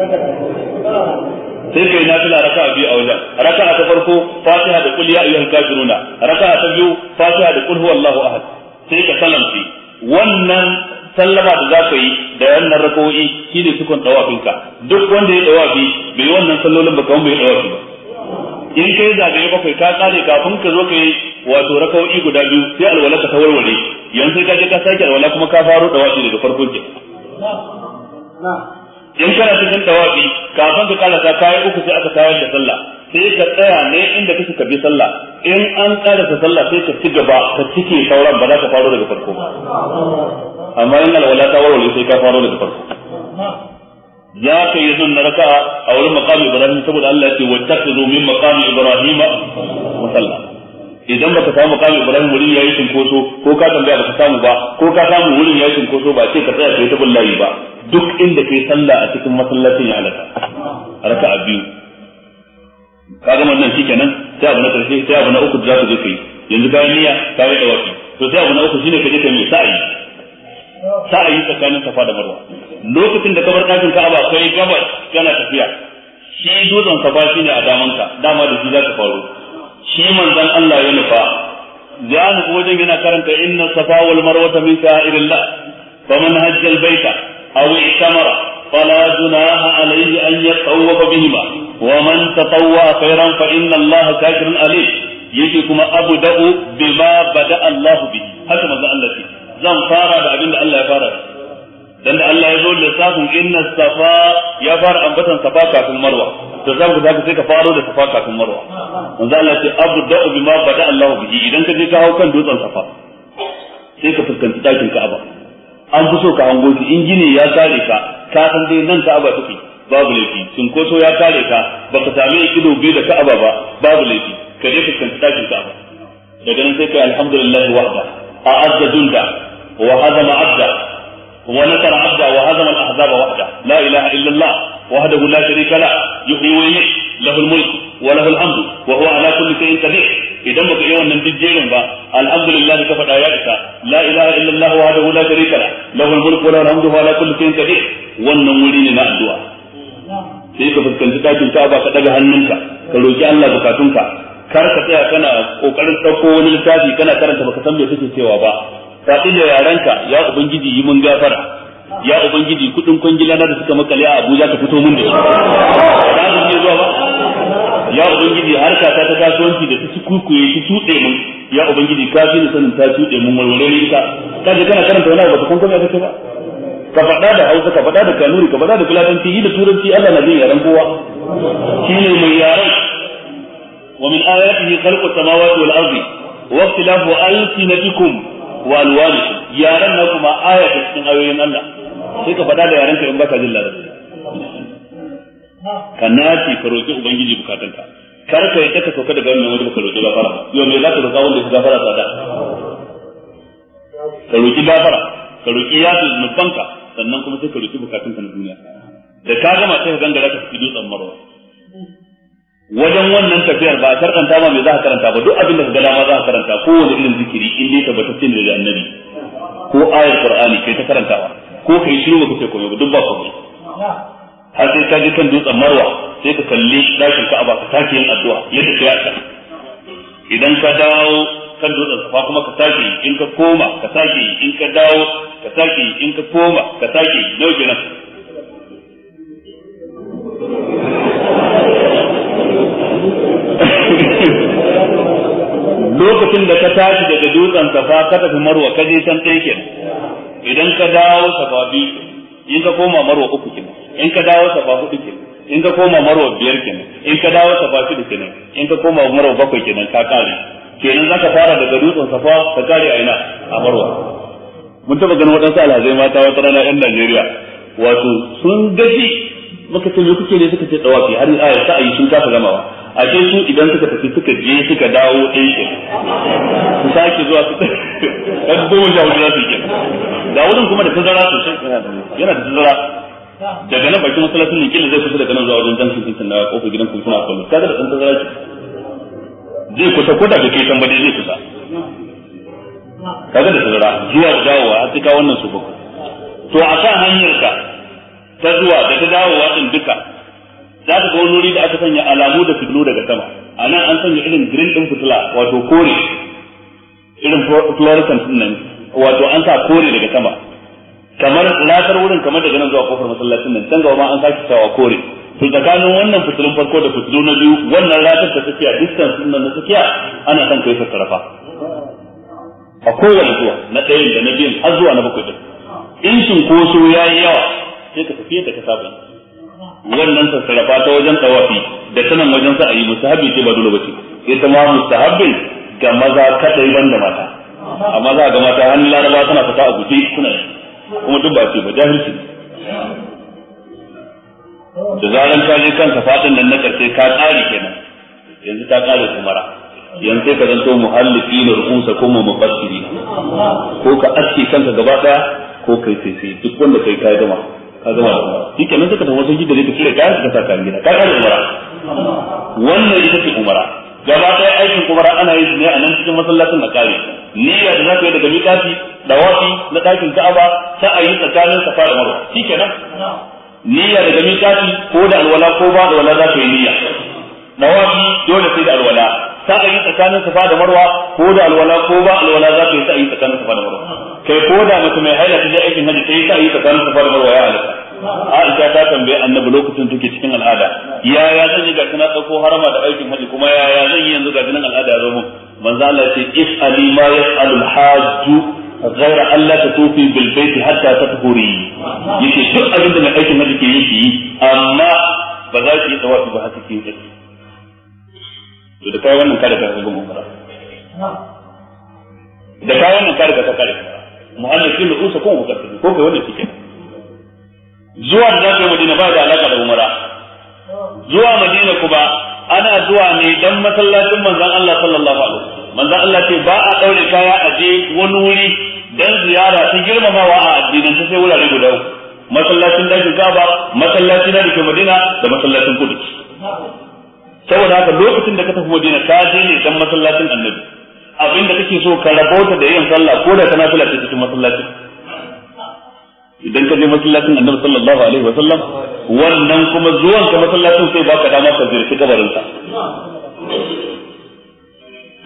Speaker 3: sai
Speaker 1: kai na tula raka biyu a wajen raka ta farko fatiha da kulli ya ayyuhal kafiruna raka ta biyu fatiha da kul huwallahu ahad sai ka salamci wannan sallama da zaka yi da wannan rakowi shi ne sukun ɗawafinka duk wanda ya dawafi bai yi wannan sallolin ba kawai bai ɗawafi ba in kai zagaye bakwai ka tsare kafin ka zo ka yi wato rakawi guda biyu sai alwala ka warware yanzu ka je ka sake alwala kuma ka faro dawafi daga farko
Speaker 3: na'am
Speaker 1: in kana cikin tawafi kafin ka ka kai uku sai aka tayar da sallah sai ka tsaya ne inda kake ka bi sallah in an ta sallah sai ka ci gaba ka cike sauran ba za ka faro daga farko ba amma in alwala ta warware sai ka faro daga farko ya kai yanzu na a wurin maqami ibrahim saboda Allah ya ce wattakhidhu min maqami ibrahim musalla idan baka samu makamu ibrahim wurin yayi cinkoso ko ka tambaya baka samu ba ko ka samu wurin yayi cinkoso ba ce ka tsaya kai ta bullahi ba duk inda kai sallah a cikin masallacin ya alaka raka biyu ka ga wannan shikenan sai abu na karshe sai abu na uku da zaka je kai yanzu ka yi niyya ka yi tawafi to sai abu na uku shine ka je kai mai sa'i sa'i tsakanin safa da marwa lokacin da ka kafin ka ka'aba kai gabas kana tafiya shi dozon safa shine a damanka dama da shi za faru shi manzan Allah ya nufa ya wajen yana karanta inna safa wal marwata min sha'irillah faman hajja al baita aw kamara. fala junaha alayhi an yatawwafa bihima wa man tatawwa khairan fa inna Allah kafirun alim yake kuma abu da'u bima bada Allah bihi haka manzon Allah ce zan fara da abinda Allah ya fara da dan da Allah ya zo lissafin inna safa ya fara ambatan safa kafin marwa to za ku zaka sai ka faro da safa kafin marwa manzo Allah ya ce abda'u bima bada Allah bihi idan ka je ka hau kan dutsen safa sai ka fuskanci dakin Ka'aba an fi so ka hango shi in gine ya kare ka ka san dai nan Ka'aba take babu laifi cinkoso ya kare ka baka same ido biyu da Ka'aba ba babu laifi ka je fuskanci dakin Ka'aba daga nan sai ka alhamdulillah wahda a'azza junda wa hazama abda ونصر عبده وهزم الاحزاب وحده لا اله الا الله وحده لا شريك له يحيي ويميت له الملك وله الحمد وهو على كل شيء قدير idan baka yi wannan duk jerin ba alhamdulillah ka faɗa ya isa la ilaha illallah wahdahu la sharika la lahu al-mulku wa lahu al-hamdu wa ala kulli shay'in qadir wannan wuri ne na addu'a sai ka fuskanci dakin ba ka daga hannunka ka roki Allah bukatunka kar ka tsaya kana kokarin dauko wani littafi kana karanta baka san me kake cewa ba faɗi da yarenka ya ubangiji yi mun gafara ya ubangiji kudin kwangila na da suka makale a Abuja ka fito mun da shi ba su ne zuwa ba
Speaker 3: ya ubangiji harka
Speaker 1: ta ta kasuwanci da su kukuye su tuɗe mun ya ubangiji ka fi sanin ta tuɗe mun walwale ne ka kaje kana karanta wani abu ba ka san komai kake ba ka faɗa da Hausa ka faɗa da Kanuri ka faɗa da Fulatanci yi da Turanci Allah na jin yaren kowa shi ne mai yaren wa min ayatihi khalqu samawati wal ardi wa ikhtilafu alsinatikum wa alwanikum yaran na kuma aya ta cikin ayoyin Allah sai ka faɗa da yaran ka in baka jin larabci ka nace ka roƙi ubangiji bukatunka kar ka yadda ka sauka daga wannan wajen ka roƙi gafara yau me za ka roƙa wanda ya gafara tsada
Speaker 3: ka roƙi gafara
Speaker 1: ka roƙi yafi zunubanka sannan kuma sai ka roƙi bukatunka na duniya da ka gama sai ka gangara ka fi dutsen marwa wajen wannan tafiyar ba a karanta ma mai za a karanta ba duk abin da ka ga dama za a karanta ko wani irin zikiri in dai tabbatacce ne daga annabi ko ayar qur'ani kai ta karanta ba, ko kai shi ba kace komai ba duk ba ba har sai ka ji kan dutsen marwa sai ka kalli dakin ka'aba ka tashi yin addu'a yadda ka yaka idan ka dawo kan dutsen safa kuma ka tashi in ka koma ka sake in ka dawo ka sake in ka koma ka sake nawa kenan lokacin da ka tashi daga dutsen safa ka tafi marwa ka je can ɗaya kenan idan ka dawo safa biyu in ka koma marwa uku kenan in ka dawo safa hudu kenan in ka koma marwa biyar kenan in ka dawo safa shida kenan in ka koma marwa bakwai kenan ka kare kenan zaka fara daga dutsen safa ka kare a ina a marwa mun taba ganin waɗansu alhazai mata wata rana yan Najeriya wato sun gaji maka ce me kuke ne suka ce tsawafi har a sa'ayi sun kasa gamawa a ce su idan suka tafi suka je suka dawo ɗin shi su sake zuwa su *laughs* ɗan goma sha hudu za su yi da wurin kuma da tazara sosai yana da tazara daga nan bakin masalacin ne kila zai kusa daga nan zuwa wajen jan sun sun na kofar gidan kuma suna kwallo kaga da ɗan tazara ce zai kusa ko da ga kai tambaye zai kusa kaga da tazara zuwa da dawowa a cika wannan su to a sa hanyar ka ta zuwa da ta dawowa ɗin duka za ka ga wani da aka sanya alamu da fitilu daga sama a nan an sanya irin green din fitila wato kore irin fluorescent din nan wato an sa kore daga sama kamar latar wurin kamar daga nan zuwa kofar masallacin nan can gaba ma an sake sawa kore to tsakanin wannan fitilun farko da fitilu na biyu wannan latar ta tafiya distance din nan na tafiya ana son kai tattarafa a kowane zuwa na ɗayan da na biyun har zuwa na bakwai din in sun koso yi yawa sai ka tafi da ka saba wannan sassarafa ta wajen tawafi da sanan wajen sa ayi mustahabi ce ba dole bace ita ma mustahabin ga maza kadai da mata amma za ga mata hannun laraba tana fita a guje suna kuma duk ba ce ba jahilci da zaran ka je kanka fatan nan na karshe ka tsari kenan yanzu ta kare kumara yanzu sai ka to muhallifi na rukunsa ko mu mufassiri ko ka aske kanka gaba daya ko kai sai duk wanda kai ka gama ka zama shi kenan suka tafi wasu gidare ka cire kayan suka sa kayan gida ka kare umara wannan ita ce umara gaba ɗaya aikin umara ana yi ne a nan cikin masallacin a kare niyya da za ka yi daga da dawafi na ɗakin ka'aba yi tsakanin safa da marwa shi kenan niyya daga miƙafi ko da alwala ko ba da wala za ka yi niyya dawafi dole sai da alwala yi tsakanin safa da marwa ko da alwala ko ba alwala za ka yi yi tsakanin safa da marwa kai ko da mutum mai haila ta je aikin hajji yi ta yi tsakanin safa da marwa ya halatta Aisha ta tambaye annabi lokacin take cikin al'ada ya ya zan yi gashi na dauko harama da aikin hajji kuma ya ya zan yi yanzu gashi nan al'ada zo mun manzo Allah ya ce is'ali ma yas'alu al-hajj ghayra an la tatufi bil bayt hatta tathuri yace duk abin da mai aikin hajji ke yi ki amma ba za ki yi tawafi ba haka ki yi to da kai wannan kada ka ga mun da kai wannan kada ka kare mu'allakin ru'usa kun muqaddim ko kai wannan shike zuwa da zai Madina ba da alaka da umara zuwa Madina ku ba ana zuwa ne dan masallacin manzon Allah sallallahu alaihi wasallam manzon Allah ce ba a daure kaya a je wani wuri dan ziyara ta girmamawa a addinin ta sai wurare guda uku masallacin dakin Kaaba masallacin da ke Madina da masallacin Kudus saboda haka lokacin da ka tafi Madina ka je ne dan masallacin Annabi abin da kake so ka rabauta da yin sallah ko da kana sallah cikin masallacin idan ka je masallacin annabi sallallahu alaihi wa sallam wannan kuma zuwan ka masallacin sai baka dama ka ziyarci kabarin sa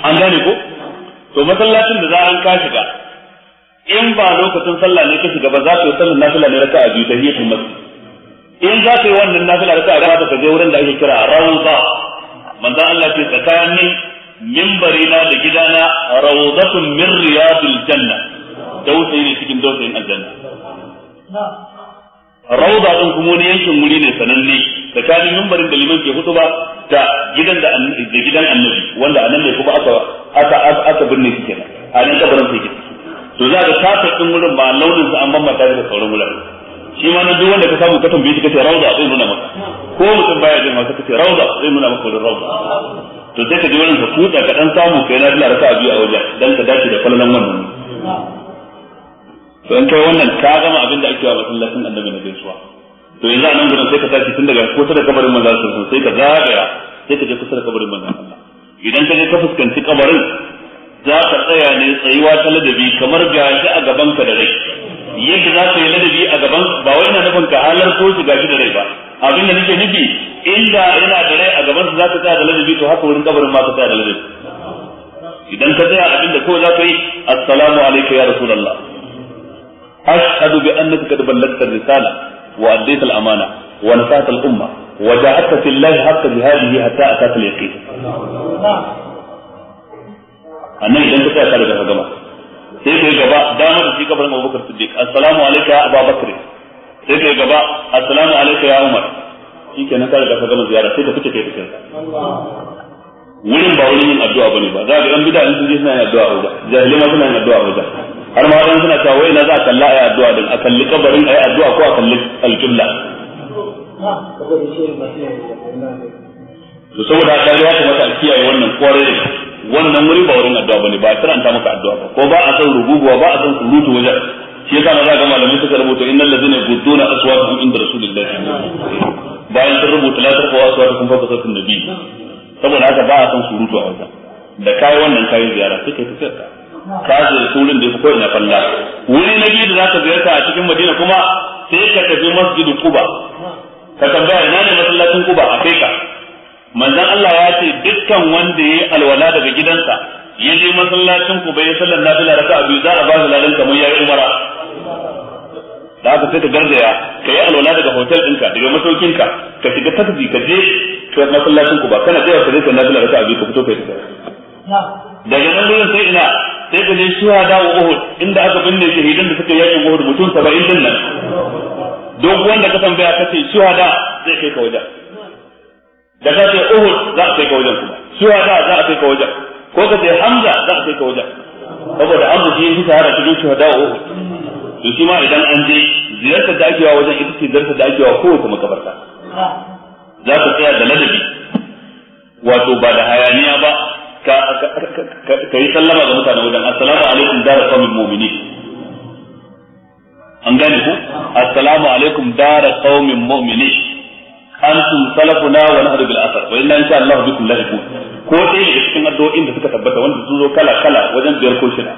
Speaker 1: an gane ko to masallacin da za an ka shiga in ba lokacin sallah ne ka shiga ba za ka yi sallar nafila ne raka'a biyu ta hiyatul masjid in za ka yi wannan nafila raka'a ba ta je wurin da ake kira rawza manzo Allah ce tsakanin mimbarina da gidana rawdatun min riyadil janna dausayi ne cikin dausayin aljanna rawda din kuma wani yankin wuri ne sananne tsakanin mimbarin da liman ke hutu ba da gidan da gidan annabi wanda anan ne kuma aka aka aka binne shi kenan a nan kabarin sai to za ka tafi din wurin ba launin sa an bambanta da sauran wurare shi ma nan duk wanda ka samu ka tambaye shi kace rauda zai nuna maka ko mutum baya jin maka kace rauda zai nuna maka wurin rauda to sai ka ji wurin ka kuta ka dan samu kai na Allah raka biyu a waje dan ka dace da falalan wannan to in kai wannan ka gama abin da ake wa masallacin annabi na gaisuwa to yanzu a nan gurin sai ka tashi tun daga kusa da kabarin manzo sallallahu sai ka zagaya sai ka je kusa da kabarin manzo idan ka je ka fuskanci kabarin za ka tsaya ne tsayuwa ta ladabi kamar gashi a gaban ka da rai yadda za ka yi ladabi a gaban ba wai na nufin ka halar ko su gashi da rai ba abin da nake nufi inda yana da rai a gaban su za ka tsaya da ladabi to haka wurin kabarin ma ka tsaya da ladabi idan ka tsaya abin da kawai za ka yi assalamu alaikum ya rasulullah ashhadu bi annaka qad ballagta risala wa addaita al-amana wa nasata al-umma wa jahadta fillahi haqqa jihadihi hatta ataka al-yaqin annabi idan ka tsaya ka riga ka gama sai kai gaba dama da shi kabarin Bakar Siddiq assalamu alayka ya Abu Bakar
Speaker 3: sai kai gaba assalamu alayka ya Umar
Speaker 1: shikenan ka riga ka gama ziyara sai ka fice kai fice wurin ba wurin yin addu'a bane ba za ga yan bid'a sun je suna yin addu'a wajen jahilai ma suna yin addu'a wajen har ma ran suna cewa wai na za a kalla ayi addu'a din a kalli kabarin ayi addu'a ko a kalli alqibla to saboda haka ya kamata a kiyaye wannan kwarai wannan wuri ba wurin addu'a bane ba karanta maka addu'a ba ko ba a san rububuwa ba a san surutu wajen shi yasa maza ga malamai suka rubuta innal ladina yuduna aswatuhum inda rasulillah bayan sun rubuta la tarfa aswatuhum fa basatun nabi saboda haka ba a san surutu a wajen da kai wannan kai ziyara suka yi tafiyar ka ka je wurin da ko ina falla wuri na biyu da zaka ziyarta a cikin madina kuma sai ka tafi masjid quba ka tambaya ina ne masallacin quba a kai ka manzon Allah ya ce dukkan wanda yayi alwala daga gidansa ya je masallacin ku bai sallar nafila raka'a biyu za a ba shi ladan kamar yayi umara da aka sai ka garzaya ka yi alwala daga hotel ɗinka daga masaukin ka shiga takzi ka je ka masallacin ku ba kana je ka je ka nafila raka'a biyu ka fito kai daga nan gurin sai ina sai ka je shuhada wa Uhud inda aka binne shahidan da suka yaƙin Uhud mutum 70 din nan duk wanda ka tambaya kace shuhada zai kai ka wajen da za ta yi uhud za a kai ka wajen kuma suwa ta za a kai ka wajen ko ka sai hamza za a kai ka wajen saboda abu shi yi shahara cikin shahada wa uhud to shi ma idan an je ziyarta da ake wa wajen ita ce ziyarta da ake wa kowace makabarta za ka tsaya da ladabi wato ba da hayaniya ba ka ka yi sallama ga mutane wajen assalamu alaikum dara qawmin mu'minin an gane ku assalamu alaikum dara qawmin mu'minin antum salafuna wa nahdu bil athar wa inna insha Allah bikum lahiqun ko dai da cikin addu'o'in da suka tabbata wanda sun zo kala kala wajen biyar ko shida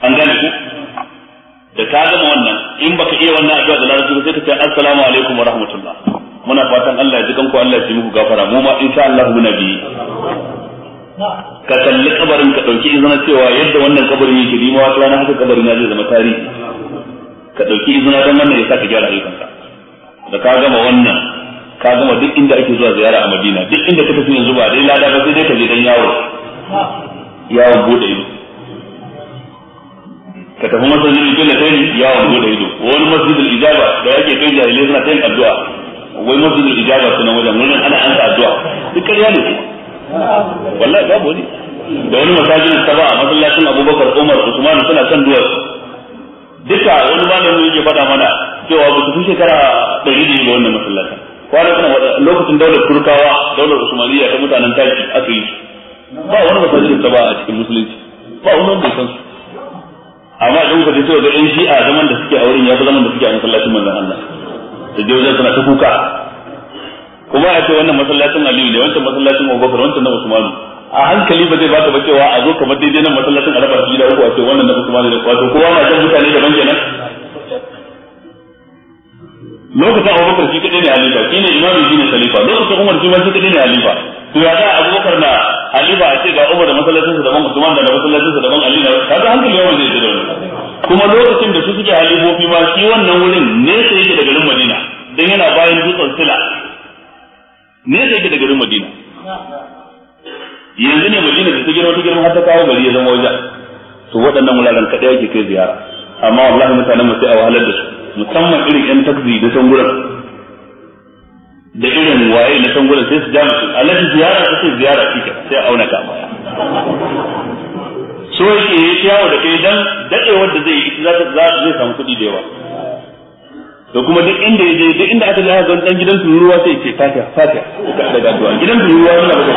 Speaker 1: an gane ku da ka gama wannan in baka iya wannan addu'a da larabci ba sai ka ce assalamu alaikum wa rahmatullah muna fatan Allah ya ji kanku Allah ya ji muku gafara mu ma insha Allah muna nabi ka kalli kabarin ka dauki izina cewa yadda wannan kabarin yake ni ma wata haka kabarin ya zai zama tarihi ka dauki izina don wannan ya sa ka gyara ayyukanka da ka gama wannan ka gama duk inda ake zuwa ziyara a Madina duk inda ka tafi yanzu ba dai lada ba sai dai ka je dan yawo yawo bude ido ka tafi masallin dole sai yawon bude ido wani masjidul ijaba da yake kai jahilai suna yin addu'a wai masjidul ijaba suna wajen wani ana an addu'a duk ƙarya ne wallahi babu ne da wani masajin saba a masallacin Abubakar Umar Usman suna kan duwatsu duka wani malamin yake faɗa mana cewa ba su fi shekara ɗari ne da wannan masallaci kwanan kuma lokacin daular turkawa daular usmaniya ta mutanen taki aka yi ba wani masallacin ta ba a cikin musulunci ba wani wanda ya san su amma idan kuka ce da yan a zaman da suke a wurin ya fi zaman da suke a masallacin manzan Allah da je wajen suna ta kuka kuma a ce wannan masallacin Aliyu ne wancan masallacin Abubakar wancan na Usmanu a hankali ba zai ba ba cewa a zo kamar daidai nan masallacin a raba gida uku a ce wannan na Usman ne wato kowa na jan mutane daban kenan lokacin Abubakar shi kadai ne halifa shi ne imamu shi ne khalifa lokacin Umar shi ma shi kadai ne halifa to ya ga Abubakar na halifa a ce ga Umar da masallacin su daban Usman da masallacin su daban Ali Ta ga hankali yawan zai jira kuma lokacin da su suke halifofi ma shi wannan wurin ne sai yake da garin Madina dan yana bayan dutsen Sila ne sai yake da garin
Speaker 3: Madina
Speaker 1: yanzu ne madina da ta girma ta girma har ta kawo gari ya zama wajen to waɗannan wuraren kaɗai ake kai ziyara amma wallahi mutanen mu sai a wahalar da su musamman irin yan takzi da sanguran da irin waye na sanguran sai su ja A alaji ziyara ta sai ziyara ke sai a auna ka baya so yake yi yawo da kai dan daɗe da zai yi za ta zai samu kuɗi da yawa da kuma duk inda ya je duk inda aka ga zan dan gidan tururuwa sai ce fatiha fatiha daga duwa gidan tururuwa yana baka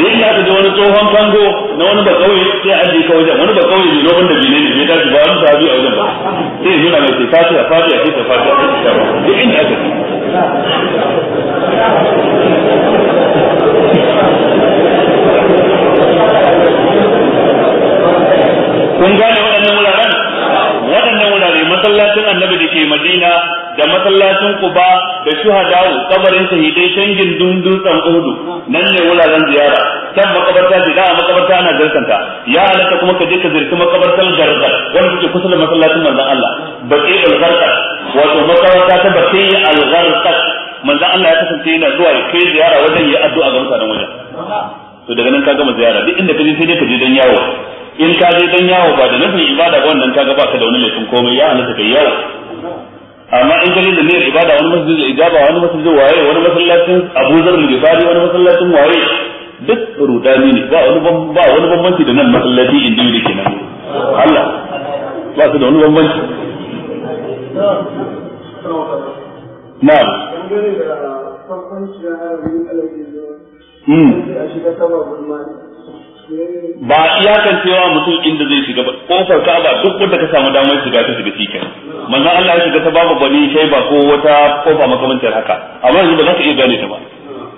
Speaker 1: duk inda aka ga wani tsohon kango na wani ba kauye sai a je ka wani ba kauye ne wanda bine ne ya tashi ba wani sahabi a wajen ba sai ya nuna mai sai fatiha fatiha sai fatiha duk inda aka kun gane masallacin Quba da shuhadawu kabarin shahidai shangin dundun san Uhud nan ne wuraren ziyara kan makabarta da makabarta ana garkanta ya halatta kuma ka je ka zirki makabartar Garzar wanda take kusa da masallacin manzon Allah baqi al-Gharzar wato makabarta ta baqi al-Gharzar manzon Allah ya kasance yana zuwa kai ziyara wajen ya addu'a ga mutanen wajen to daga nan ka gama ziyara duk inda ka je sai dai ka je dan yawo in ka je dan yawo ba da nufin ibada ba wannan ta ba ka da wani laifin komai ya halatta kai yawo amma in ka da niyyar ibada wani zai ijaba wani masjidin waye wani masallacin Abu Zar Mujibari wani masallacin waye duk rudani ne ba wani ba wani bambanci da nan masallaci inda yake kenan Allah ba su da wani bambanci
Speaker 3: na'am Mm. ba
Speaker 2: kan cewa mutum
Speaker 1: inda zai shiga ba kofar Ka'aba duk wanda ka samu damar shiga ta shiga cikin manzon Allah ya shiga ta babu bani shaiba ko wata kofa makamantar haka amma yanzu ba za ka iya gane ta ba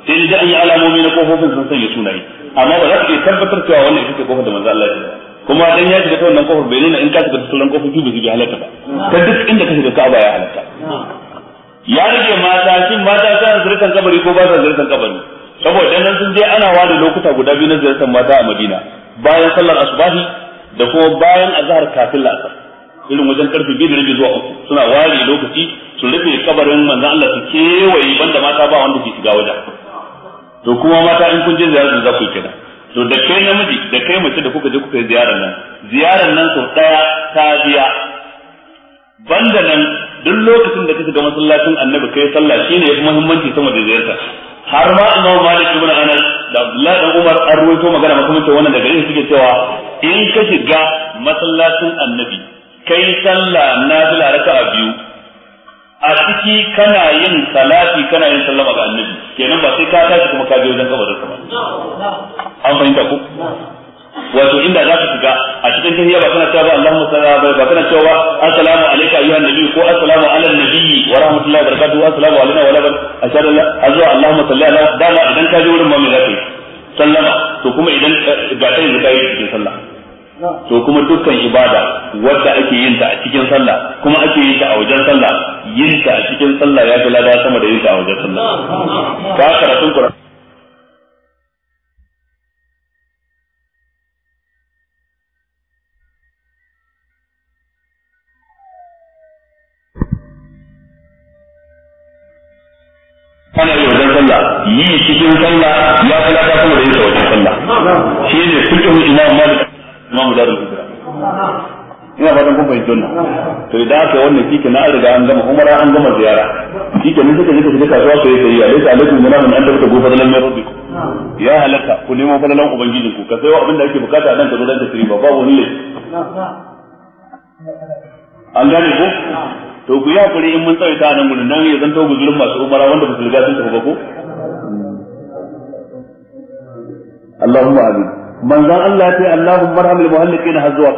Speaker 1: sai da an yi alamomi na kofofin sun sanya sunaye amma ba za ka iya tabbatar cewa wannan ita ce kofar da manzon Allah ya shiga kuma dan ya shiga ta wannan kofar bai nuna in ka shiga ta sauran kofar ba zai halatta ba ta duk inda ka shiga Ka'aba ya halatta ya rage mata shin mata suna zurkan kabari ko ba sa zurkan kabari saboda nan sun je ana ware lokuta guda biyu na ziyartar mata a Madina bayan sallar asubahi da kuma bayan azhar kafin la'asar irin wajen karfe biyu da rabi zuwa uku suna ware lokaci su rufe kabarin manzon Allah su kewaye banda mata ba wanda ke shiga wajen to kuma mata in kun je ziyarar za ku yi kenan to da kai namiji da kai mace da kuka je kuka yi ziyarar nan ziyarar nan sau daya ta biya banda nan duk lokacin da ka shiga masallacin annabi kai sallah shine yafi muhimmanci sama da ziyarta har ma Imam Malik ibn Anas da Abdullah da Umar an ruwaito magana makamantar wannan daga yin suke cewa in ka shiga masallacin Annabi kai sallah nafila raka'a biyu a ciki kana yin salati kana yin sallama ga Annabi kenan ba sai ka tashi kuma ka je wajen kabarin ka ba an fahimta ku wato inda za ka shiga a cikin tahiyya ba kana cewa ba Allahumma salli ba kana cewa assalamu alayka ayyuhan nabi ko assalamu ala nabi wa rahmatullahi wa barakatuhu assalamu alayna wa labar ashhadu an azwa Allahumma salli ala dama idan ka je wurin mamin zakai sallama to kuma idan eh, ga kai da kai cikin sallah to kuma dukkan ibada wadda ake yin ta a cikin sallah kuma ake yin ta a wajen sallah yin ta a cikin sallah ya fi lada sama da yin ta a wajen sallah ka karatun Qur'ani neman ubangijin ku ka sai abin da ake bukata nan ka zo dan ka ba wani ne an gane ko to ku yi kure in mun tsawaita nan gurin nan ya zanto guzurin masu umara wanda ba su riga sun tafi ba ko Allahumma amin manzan Allah ce Allahumma arhamil muhallikin hazwa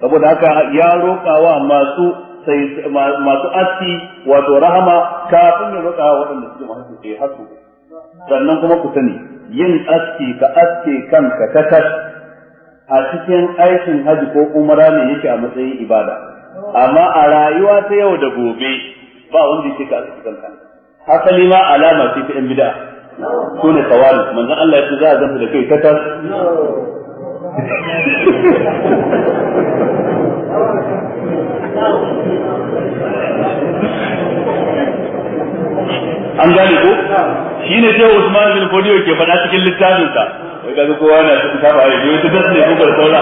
Speaker 1: saboda haka ya rokawa masu sai masu asi wato rahama kafin ya rokawa waɗanda suke masu sai hasu sannan kuma ku sani yin aski ka aske kanka ka kas a cikin aikin haji ko umara ne yake a matsayin ibada amma a rayuwa ta yau da gobe ba wanda yake ka aski kanka Asali ma alama ce ta yan bid'a ko ne tawali manzon Allah ya ce za a zanta da kai ta
Speaker 3: Thank *laughs* you. an gane ko shi ne sai
Speaker 1: Usman bin Fodiyo ke faɗa cikin littafin sa wai ga kowa yana cikin tafa ai yau ta dasne ko bar saura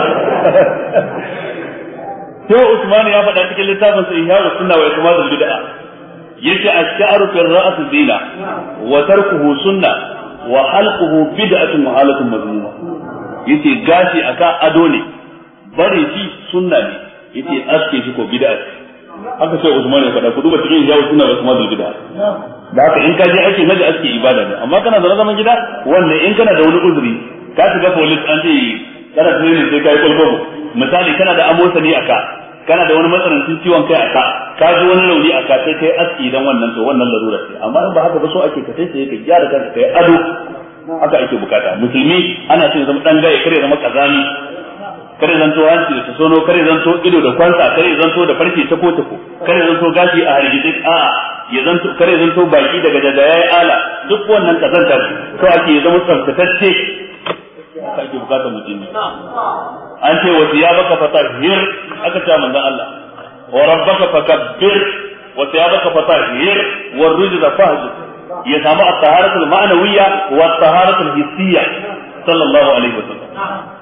Speaker 1: sai *laughs* Usman ya faɗa cikin littafin sa ihya sunna wa ikmalul bid'a yace ash-sha'ru fil ra'si dina wa tarkuhu sunna wa halquhu bid'atun wa halatun mazmuma yace gashi aka ado ne bari shi sunna ne yace aske shi ko bid'a haka sai Usman ya faɗa ku duba cikin yawo suna Usman bil gida da haka in ka je aiki naji aski ibada ne amma kana da zaman gida wannan in kana da wani uzuri ka shiga police an ce kana training sai kai kulkubu misali kana da amosani a ka kana da wani matsanancin ciwon kai a ka ka ji wani rauni a ka sai kai aski dan wannan to wannan larura ce amma in ba haka ba so ake ka sai ka gyara kanka kai ado haka ake bukata musulmi ana cin zama dan gaya kare zama kazani kare zanto hanci da sono kare zanto ido da kwansa kare zanto da farce ta ko tako kare zanto gashi a hargitsi a'a ya zanto kare zanto baki daga daga yayi ala duk wannan kazanta to ake ya zama tsaftatacce ka ake bukatar mutum ne an ce wa siyabaka hir, aka ce manzon Allah wa rabbaka fakabbir wa siyabaka fatahhir wa rujza fahjur ya samu at-taharatul ma'nawiyya wa at-taharatul hissiyya sallallahu alaihi wa
Speaker 3: sallam.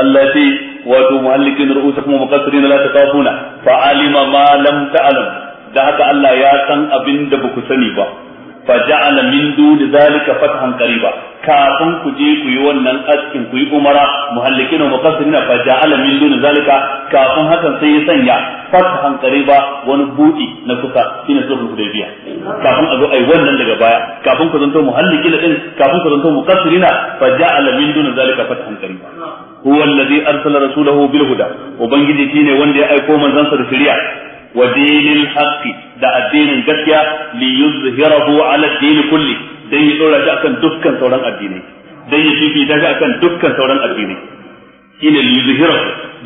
Speaker 1: allati wato muhallikin ru'usakum muqassirin la taqafuna fa alima ma lam ta'lam da haka Allah ya san abin da ku sani ba fa ja'ala min duni zalika fathan qariba kafin ku je ku yi wannan askin ku yi umara muhallikin muqassirin fa ja'ala min duni zalika kafin hakan sai ya sanya fathan qariba wani buɗi na kusa shine sulhul hudaybiya kafin a zo ai wannan daga baya kafin ku zanto muhallikin din kafin ku zanto muqassirina fa ja'ala min duni zalika fathan qariba huwa allazi arsala rasulahu bil huda ubangiji shine wanda ya aiko manzansa da shari'a wa dinil da addinin gaskiya li yuzhirahu ala din kulli dan ya dora shi akan dukkan sauran addinai shi akan dukkan sauran addinai shine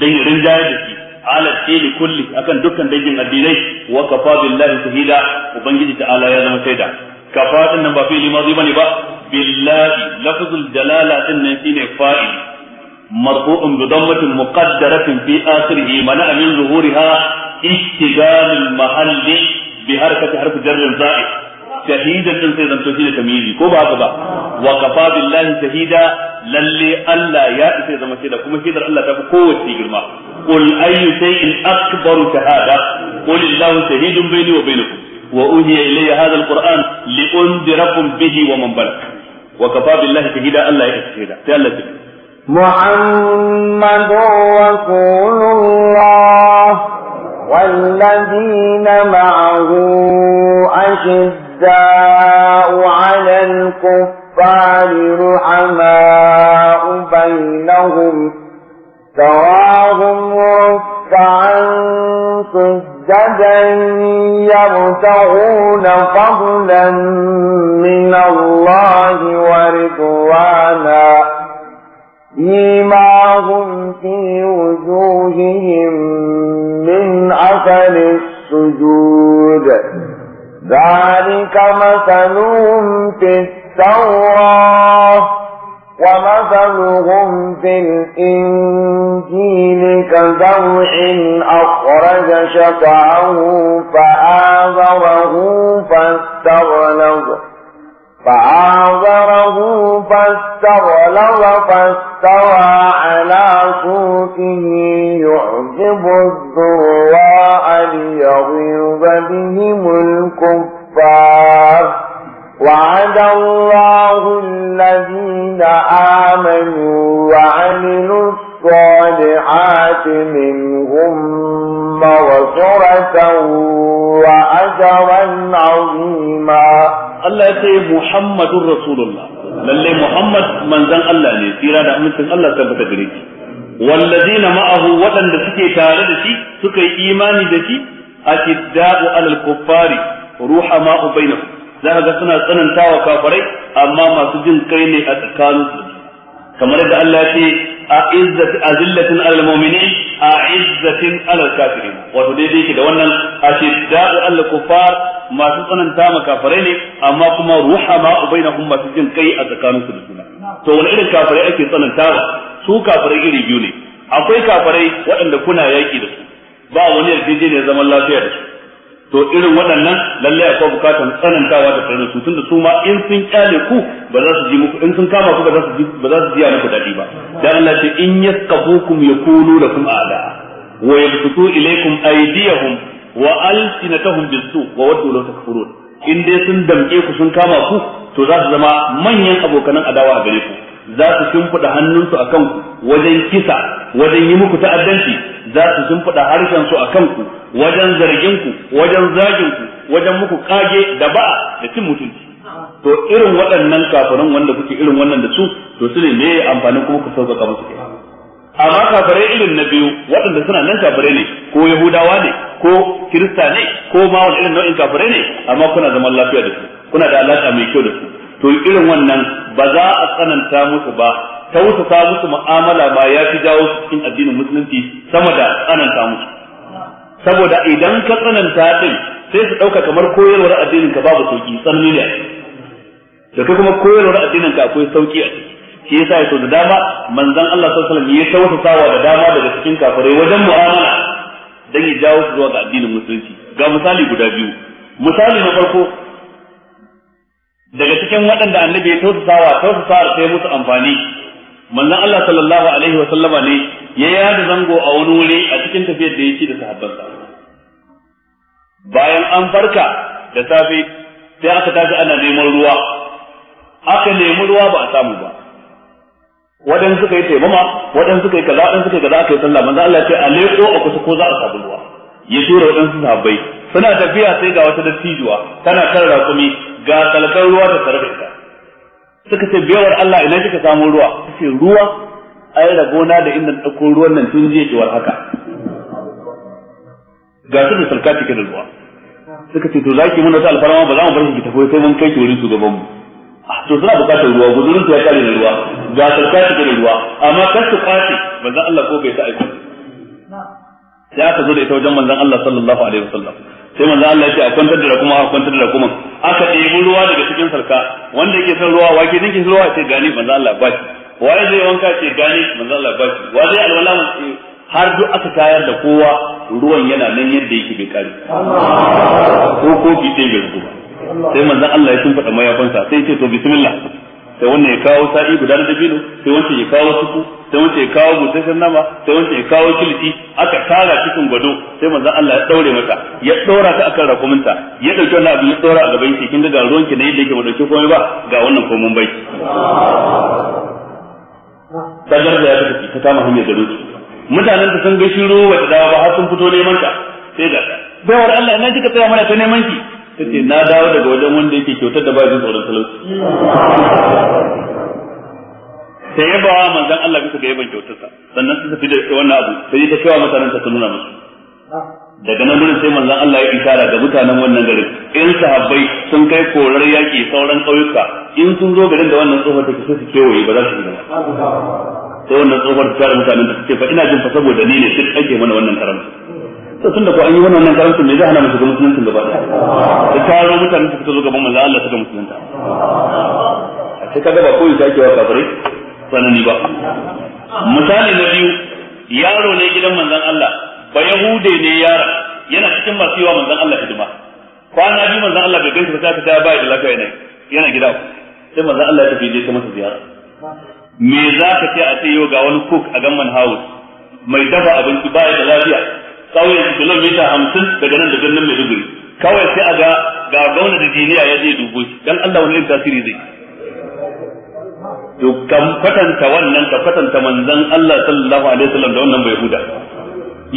Speaker 1: rinjaya da shi ala din kulli akan dukkan dangin addinai wa kafa billahi shahida ubangiji ta'ala ya zama shaida kafa din ba fi'li ba billahi lafzul jalala din nan shine fa'il مرفوع بضمة مقدرة في آخره منع من ظهورها اشتغال المحل بحركة حرف جر زائد شهيدا إن سيدا توحيد تمييزي كوبا كوبا وكفى بالله شهيدا للي ألا يا إسيدا مسيدا كما شهيدا ألا تكو قوة تيجرما قل أي شيء أكبر شهادة قل الله شهيد بيني وبينكم وأوهي إلي هذا القرآن لأنذركم به ومن بلغ وكفى بالله شهيدا ألا يا إسيدا
Speaker 2: محمد رسول الله والذين معه أشداء على الكفار رحماء بينهم تراهم ركعا سجدا يرتعون فضلا من الله ورضوانا هم في وجوههم من أثر السجود ذلك مثلهم في التوراة ومثلهم في الإنجيل كزرع أخرج شفعه فآذره فاستغلظ فآذره فاستغلظ فاستوى على صوته يعجب الضراء ليغيظ بهم الكفار وعد الله الذين آمنوا وعملوا الصالحات منهم مغفرة وأجرا عظيما Allah ya ce Muhammadur Rasulullah
Speaker 1: lalle Muhammad manzon Allah ne tsira da amincin Allah tabbata gare shi wallazina ma'ahu waɗanda suke tare da shi suka yi imani da shi ashidda'u alal kuffari ruhama'u bainahum za ga suna tsanantawa kafirai amma masu jin kai ne a tsakaninsu
Speaker 2: kamar yadda Allah
Speaker 1: ya ce أعزة أذلة على المؤمنين أعزة على الكافرين وتديدي كده وانا أشداء على الكفار ما تسنن تام كافرين أما كما رحماء بينهم ما تسن كي أتكانوا سلسلنا to wani irin kafirai ake tsanantawa su kafirai iri biyu ne akwai kafirai waɗanda kuna yaƙi da su ba wani yarjejeniyar zaman lafiyar. to irin waɗannan lalle akwai bukatan tsanantawa da tsanin su tunda su ma in sun kyale ku ba za su ji muku in sun kama ku ba za su ji ba za su ji muku dadi ba dan Allah ce in yaskafukum yakunu lakum a'da wa yabsutu ilaykum aydiyahum wa alsinatahum bisu wa waddu law takfurun in dai sun damke ku sun kama ku to za su zama manyan abokanan adawa a gare ku za su shimfiɗa hannunsu akan ku wajen kisa wajen yi muku ta'addanci za su shimfiɗa harshen su akan ku wajen zargin ku wajen zagin ku wajen muku kage da ba da cin mutunci to irin waɗannan kafirin wanda kuke irin wannan da su to su ne me amfanin kuma ku sauƙaƙa musu kai amma kafirai irin na biyu waɗanda suna nan kafirai ne ko yahudawa ne ko kirista ne ko ma wani irin nau'in kafirai ne amma kuna zaman lafiya da su kuna da alaƙa mai kyau da su to irin wannan ba za a tsananta musu ba tausasa musu mu'amala ba ya fi jawo su cikin addinin musulunci sama da tsananta musu saboda idan ka tsananta din sai su ɗauka kamar koyarwar addinin ka babu sauki tsanani ne da kai kuma koyarwar addinin ka akwai sauki a ciki shi yasa yaso da dama manzon Allah sallallahu alaihi wasallam ya tausasa da dama daga cikin kafirai wajen mu'amala dan ya jawo su zuwa ga addinin musulunci ga misali guda biyu misali na farko daga cikin waɗanda annabi ya tausasawa ta sai musu amfani manzon Allah sallallahu alaihi wa sallama ne ya yada zango a wani wuri a cikin tafiyar da yake da sahabbansa bayan an farka da safe sai aka tashi ana neman ruwa aka nemi ruwa ba a samu ba wadan suka yi taimama wadan suka yi kaza wadan suka yi kaza aka yi sallah manzon Allah ya ce a leko a kusa ko za a samu ruwa ya tura wadan su sahabbai suna tafiya sai ga wata dattijuwa tana kan raƙumi ga talakar ruwa da tare da suka ce biyawar Allah ina kika samu ruwa ce ruwa ai ragona da inda ɗauko ruwan nan tun ki war haka ga su da sarka cike da ruwa suka ce to zaki mun ta alfarma ba za mu bar ki tafi sai mun kai ki wurin su gaban mu ah, to suna bukatar ruwa gudurin ya kare da ruwa ga sarka take da ruwa amma kar su kwace manzon Allah ko bai ta aiko ya ka zo da ita wajen manzon Allah sallallahu alaihi wasallam sai manzo Allah ya ce a kwantar da kuma a kwantar da kuma aka ɗebi ruwa daga cikin sarka wanda yake son ruwa wake dinkin ruwa ce gani manzo Allah ba shi waye zai wanka ce gani manzo Allah ba shi wa zai alwala har duk aka tayar da kowa ruwan yana nan yadda yake bai kare ko ko bi ɗaya bai zuba sai manzo Allah ya shimfiɗa mayafansa sai ya ce to bismillah sai wannan ya kawo sa'i guda na dabino sai wancan ya kawo suku sai wancan ya kawo busasshen nama sai wancan ya kawo kiliti aka tara cikin gwado sai manzon Allah ya daure mata ya daura ta akan rakuminta ya dauki wannan abin ya daura a gaban shi kin ga ruwan ki ne yadda yake madauke komai ba ga wannan komai bai ta garza ya tafi ta kama hanyar garo mutanen da sun ga shiro wata dawa ba har sun fito neman ta sai ga baiwar Allah ina kika tsaya mana ta neman ki tace na dawo daga wajen wanda yake kyautar da bayan tsoron talauci sai ya bawa manzan Allah bisa ga yaban kyautarsa sannan su tafi da wannan abu sai ta kawo mutanen ta nuna musu daga nan gurin sai manzan Allah ya isara ga mutanen wannan gari in sahabbai sun kai korar yaƙi sauran ƙauyuka in sun zo garin da wannan tsohon take sai su kewaye ba za su yi ba
Speaker 3: sai
Speaker 1: wannan tsohon ta mutanen ta ce fa ina jin fa saboda ni ne duk ake mana wannan karanta to tunda ko an yi wannan karatu me zai hana mu shiga musulunci gaba daya da taro mutane suka zo gaban manzo Allah ga musulunta sai kaga ba koyi take wa kafare sanani ba misali na biyu yaro ne gidan manzon Allah ba yahude ne yaro yana cikin masu yawa manzon Allah hidima kwana biyu manzon Allah bai ganshi ba sai ta ah, ba da lafiya ne yana gida sai manzon Allah ya tafi je ta masa ziyara me za ka ce a ce yau ga wani cook a gamman house mai dafa abinci baya da lafiya kauyen kilomita hamsin daga nan da birnin Maiduguri kawai sai a ga ga gauna da jiniya ya je dubu dan Allah wani tasiri zai to kan kwatanta wannan ka kwatanta manzon Allah sallallahu alaihi wasallam da wannan bai huda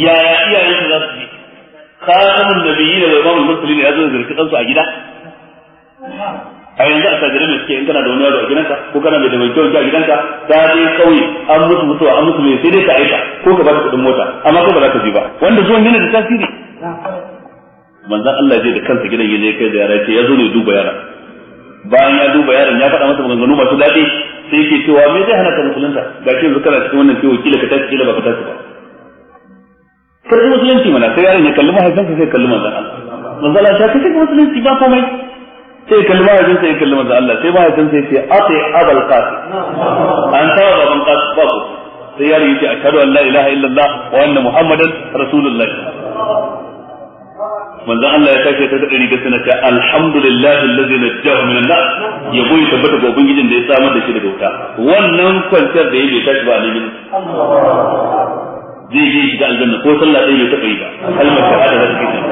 Speaker 1: yaya iyayen su zasu su ji khatamun nabiyyi da imamul muslimin ya zo zirkin su a gida a yanzu a tajirai da suke in kana da wani yaro a gidanka ko kana da mai kyau a gidanka ta dai kauye an mutu mutuwa an mutu mai sai dai ka aika ko ka ba ka kuɗin mota amma ko ba za ka ji ba wanda zuwan yana da tasiri manzan Allah zai da kansa gidan yana kai da yara ce ya zo ne duba yara bayan ya duba yaron ya faɗa masa maganganu masu daɗi sai ke cewa me zai hana ka musulunta ga shi yanzu kana cikin wannan ciwo kila ka tashi kila ba ka tashi ba karfi musulunci mana sai yaron ya kalli mahaifinsa sai kalli manzan Allah manzan Allah ta kace musulunci ba komai sai kalli mahaifinsa ya kalli manzo Allah sai mahaifinsa ya ce ati abal qasim an tara baban qasim ba ku sai yaro yace ashhadu an la ilaha illallah wa anna muhammadan rasulullahi manzo Allah ya tashi ta dari da sana ta alhamdulillahi allazi najjahu min an-nar yabo ya tabbata ga ubangijin da ya samar da shi daga wuta wannan kwanciyar da yake tashi ba ne zai je shiga aljanna ko sallah ɗaya bai taɓa yi ba kalmar shahada za ta kai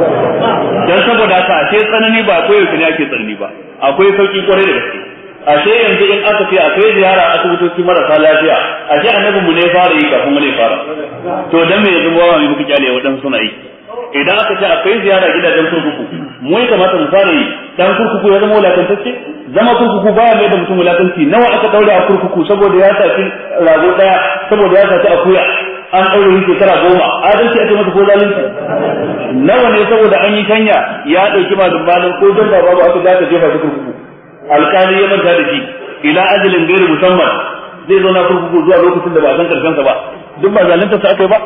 Speaker 3: dan
Speaker 1: saboda haka ashe tsanani ba ko yaushe ne ake tsanani ba akwai sauki kwarai da gaske ashe yanzu in aka ce akwai ziyara a asibitoci marasa lafiya ashe annabi mu ne fara yi kafin mu ne fara to dan me yanzu bawa mu muka kyale wadan suna yi idan aka ce akwai ziyara gidajen kurkuku mu ya kamata mu fara yi dan kurkuku ya zama wulakantacce zama kurkuku baya mai da mutum wulakanci nawa aka daure a kurkuku saboda ya saki rago daya saboda ya saki akuya an ɗaure shi shekara goma adalci ake masa ko zalunci nawa ne saboda an yi kanya ya ɗauki masu malin ko don baba ba aka za jefa shi kurkuku alƙali ya manta da shi ila ajalin gairi musamman zai zauna kurkuku zuwa lokacin da ba a san karshensa ba duk ba zalunta sa aka yi ba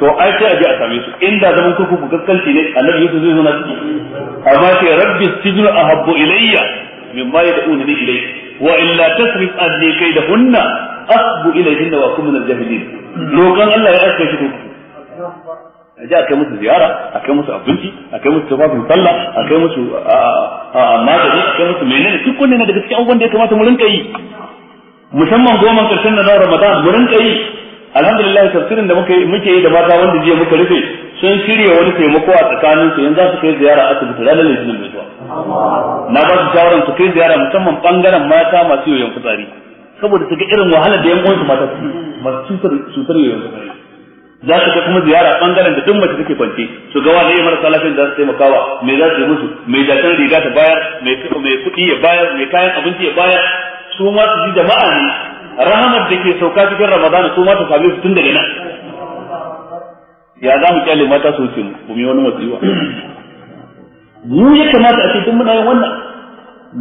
Speaker 1: to ai sai a je a same su inda zaman kurkuku gaskanci ne annabi yusuf zai zo na ciki amma sai rabbi sijnu ahabbu ilayya mimma yad'una ni ilayhi wa illa tasrif anni kaydahunna asbu ilayhinna wa kun min al-jahilin lokan Allah ya aske shi kurkuku a ji a kai musu ziyara a kai musu abinci a kai musu tafafin sallah a kai musu magani a kai musu menene duk wanda yana daga cikin abubuwan da ya kamata mu rinka yi musamman goma karshen na Ramadan mu rinka yi alhamdulillah tafsirin da muke muke yi da mata wanda jiya muka rufe sun shirya wani taimako a tsakanin su yanzu su kai ziyara a asibiti ranar litinin mai zuwa na ba su shawaran su kai ziyara musamman bangaren mata masu yoyon fitsari saboda suka ga irin wahalar da yan mata su masu cutar cutar yoyon za su ga kuma ziyara bangaren da duk mace take kwance su ga wani marasa lafiyar da su taimakawa me za su yi musu mai jakar riga ta bayar mai mai kuɗi ya bayar mai kayan abinci ya bayar su ma su ji jama'a ne rahamar da ke sauka cikin ramadana su ma ta same su tun daga nan ya za mu kyale mata su wuce mu mu yi wani wasiwa mu ya kamata a ce duk muna yin wannan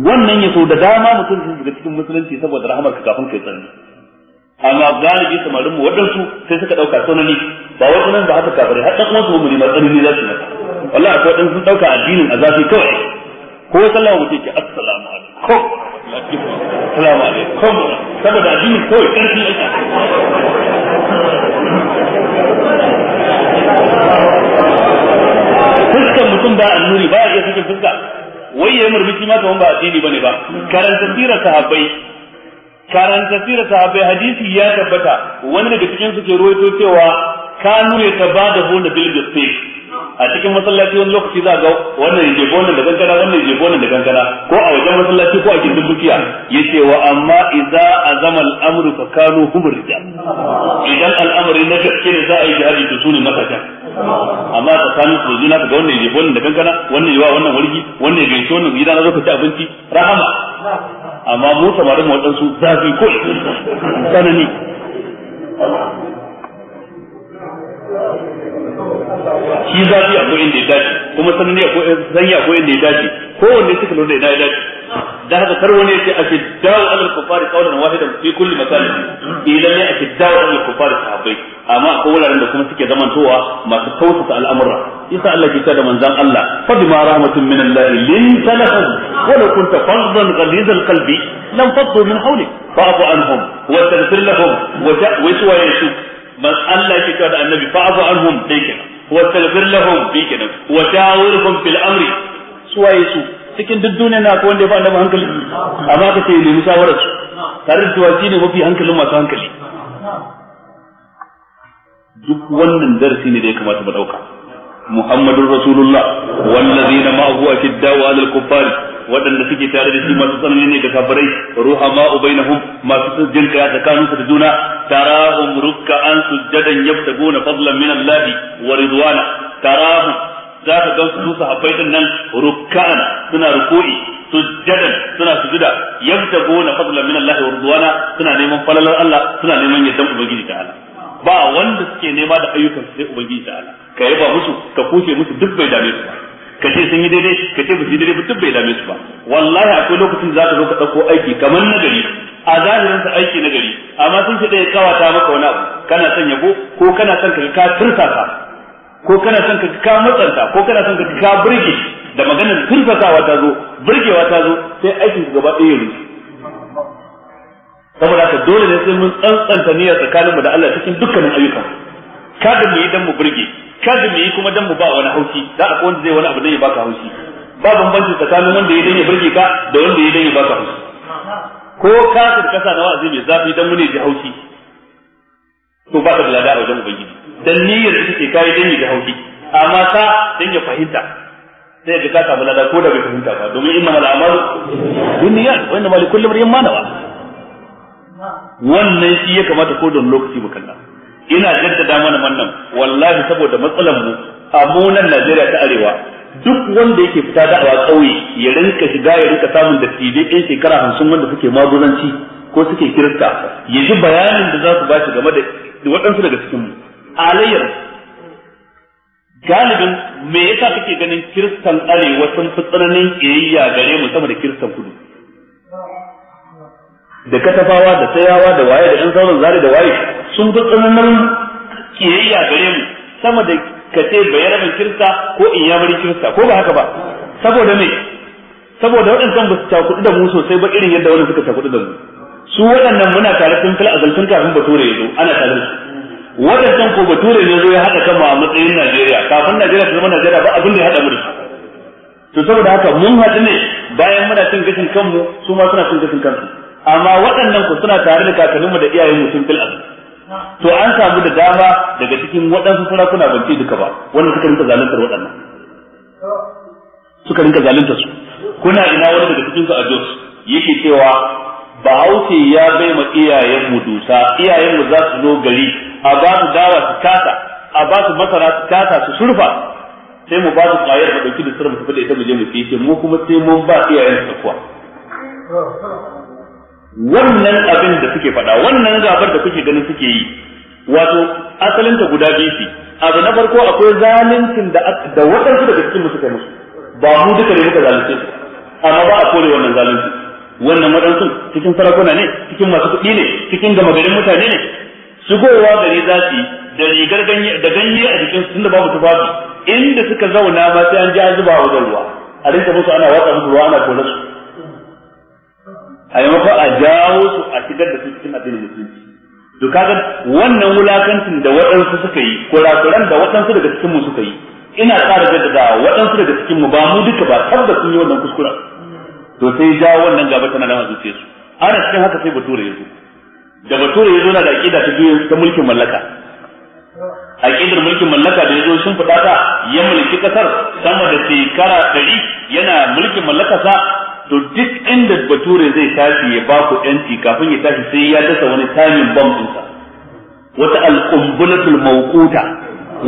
Speaker 1: wannan ya so da dama mutum sun shiga cikin musulunci saboda rahamar ka kafin kai tsanani amma galibi samarin mu waɗansu sai suka ɗauka tsanani ba wasu nan ba haka kafare har ɗan wasu mu ba tsanani za su yi maka wallahi akwai waɗansu sun ɗauka addinin a zafi kawai ko sallama mutum ke assalamu alaikum assalamu alaikum saboda addinin kawai ƙarfi ake fuskan mutum ba annuri ba ya iya cikin fuska wai yi murmushi ma kaman ba addini bane ba karanta sirar sahabbai karanta sirar sahabbai hadisi ya tabbata wani daga cikin su ke ruwaito cewa kanu ya da bonda bil gaske a cikin masallaci wani lokaci za ga wannan yake bonda da gangara wannan yake bonda da gangara ko a wajen masallaci ko a gindin dukiya yace wa amma idza azama al-amru fa kanu hum rijal idan al'amari na gaske ne za a yi jihadi to sune masajan amma tsakanin su juna ka ga wannan yaje wannan da kankana wannan yawa wannan wargi wannan ya gaishe wannan gida na zo ka ci abinci rahama amma mu samarin waɗansu zafi ko tsanani shi zafi akwai inda ya dace kuma sanani akwai zanya akwai inda ya dace kowanne suka lura da ina ya dace da haka kar wani yake ashiddaw alal kufari qawlan wahidan fi kulli masalin idan ne ashiddaw alal kufari sahabbai amma akwai wuraren da kuma suke zamantowa masu kautata al'amura isa Allah ke da manzon Allah fa bima rahmatin min Allah lin talahum wa law kunta faddan ghaliz al qalbi lam faddu min hawlik fa'fu anhum wa taghfir lahum wa ta'wis wa yashuk man Allah ke da annabi fa'fu anhum dai kenan wa taghfir lahum dai kenan wa ta'awirhum fil amri suwaye su cikin duk duniya na ko wanda ya fi hankali amma ka ce ne nemi shawarar su tare da cewa shi ne mafi hankalin masu hankali duk wannan darasi ne da ya kamata mu dauka muhammadur rasulullah wallazina fi dawa al kuffari waɗanda suke tare da shi masu tsanani ne ga kafirai ruhama ubainahum masu jin kaya tsakanin su da juna tarahum an sujjadan yabtaguna fadlan min allahi wa ridwana tarahum za ka gan su sahabbai din nan rukka'an suna ruku'i sujjadan suna sujuda na fadla min Allah wa ridwana suna neman falalar Allah suna neman yardan ubangiji Allah ba wanda suke nema da ayyukan sai ubangiji Allah ka yaba musu ka kuce musu duk bai dame su ba ka ce sun yi daidai ka ce ba su yi daidai ba duk bai dame su ba wallahi akwai lokacin da zaka zo ka dauko aiki kamar na gari a zahirin sa aiki na gari amma sun ce da ya kawata maka wani abu kana son yabo ko kana son ka ka tursa ka ko kana son ka ka matsanta ko kana son ka ka burge da maganar turfasawa ta zo burgewa ta zo sai aikin gaba ɗaya ya rushe saboda haka dole ne sai mun tsantsanta niyya tsakaninmu da Allah cikin dukkanin ayyuka kada mu yi dan mu burge kada mu yi kuma dan mu ba wani haushi da ko wanda zai wani abu dan ya baka haushi ba bambanci tsakanin wanda ya dan ya burge ka da wanda ya dan ya baka haushi ko ka kasa na wa'azi mai zafi dan mu ne ji haushi to ba ka da lada a wajen ubangiji dan niyyar ita ce kai dan da hauki amma ta dan ya fahimta sai ga ka samu lada ko da bai fahimta ba domin in mal amalu niyyat wa inna li kulli mar'in ma nawa wannan shi ya kamata ko don lokaci mu kalla ina jaddada mana wannan wallahi saboda matsalar mu a munan Najeriya ta arewa duk wanda yake fita awa kauye ya rinka shiga ya rinka samun da tide ɗin shekara hamsin wanda suke magunanci ko suke kirista ya ji bayanin da za su ba shi game da waɗansu daga cikin mu alayyar galibin me yasa kake ganin kiristan arewa sun fi tsananin kiyayya gare mu sama da kiristan kudu da katafawa da tsayawa da waye da ɗan sauran zare da waye sun fi tsananin kiyayya gare mu sama da kace bayaramin kirista ko inyamurin kirista ko ba haka ba saboda me saboda waɗannan ba su cakuɗu da mu sosai ba irin yadda wani suka cakuɗu da mu su waɗannan muna tare sun fil azal tun kafin bature ya zo ana tare su waɗannan ko bature ne zo ya haɗa kan a matsayin Najeriya kafin Najeriya ta zama Najeriya ba abin da ya haɗa mu to saboda haka mun haɗu ne bayan muna cin gashin kanmu su ma suna cin gashin kansu amma waɗannan ku suna tare da kakanninmu da iyayenmu sun fil to an samu da dama daga cikin waɗansu sarakuna ban ce duka ba wanda suka rinka zaluntar waɗannan suka rinka zaluntar su kuna ina wani daga cikin su a Jos yake cewa Bahaushe ya bai ma iyayenmu dusa iyayenmu za su zo gari a ba su dawa su kasa a ba su masara su kasa su surfa sai mu ba su kwayar da dauki da sura mu tafi da ita mu je mu ci mu kuma sai mun ba iyayen su wannan abin da suke faɗa wannan gabar da kuke ganin suke yi wato asalin ta guda biyu abu na farko akwai zaluncin da da waɗansu daga cikin suka musu ba mu duka ne muka zalunce su amma ba a kore wannan zalunci wannan waɗansu cikin sarakuna ne cikin masu kuɗi ne cikin gama garin mutane ne shigowa gari za su da rigar ganye da ganye a jikin sun da babu tufafi inda suka zauna ma sai an ji an zuba wa ruwa a rinka musu ana watsa musu ruwa ana kula su a maimakon a jawo su a shigar da su cikin addinin musulunci to kaga wannan wulakancin da waɗansu suka yi kurakuran da waɗansu daga cikin mu suka yi ina da jaddada waɗansu daga cikin mu ba mu duka ba tabbas sun yi wannan kuskura to sai jawo wannan gaba tana nan a zuciyarsu ana cikin haka sai bature ya yanzu. da bature ya zo na da aqida ta biyu ta mulkin mallaka aqidar mulkin mallaka da ya zo shin fada ta ya mulki kasar sama da shekara ɗari yana mulkin mallaka sa to duk inda bature zai tashi ya ba ku yanci kafin ya tashi sai ya dasa wani tamin bam ɗinsa wata alqumbulatul mawquta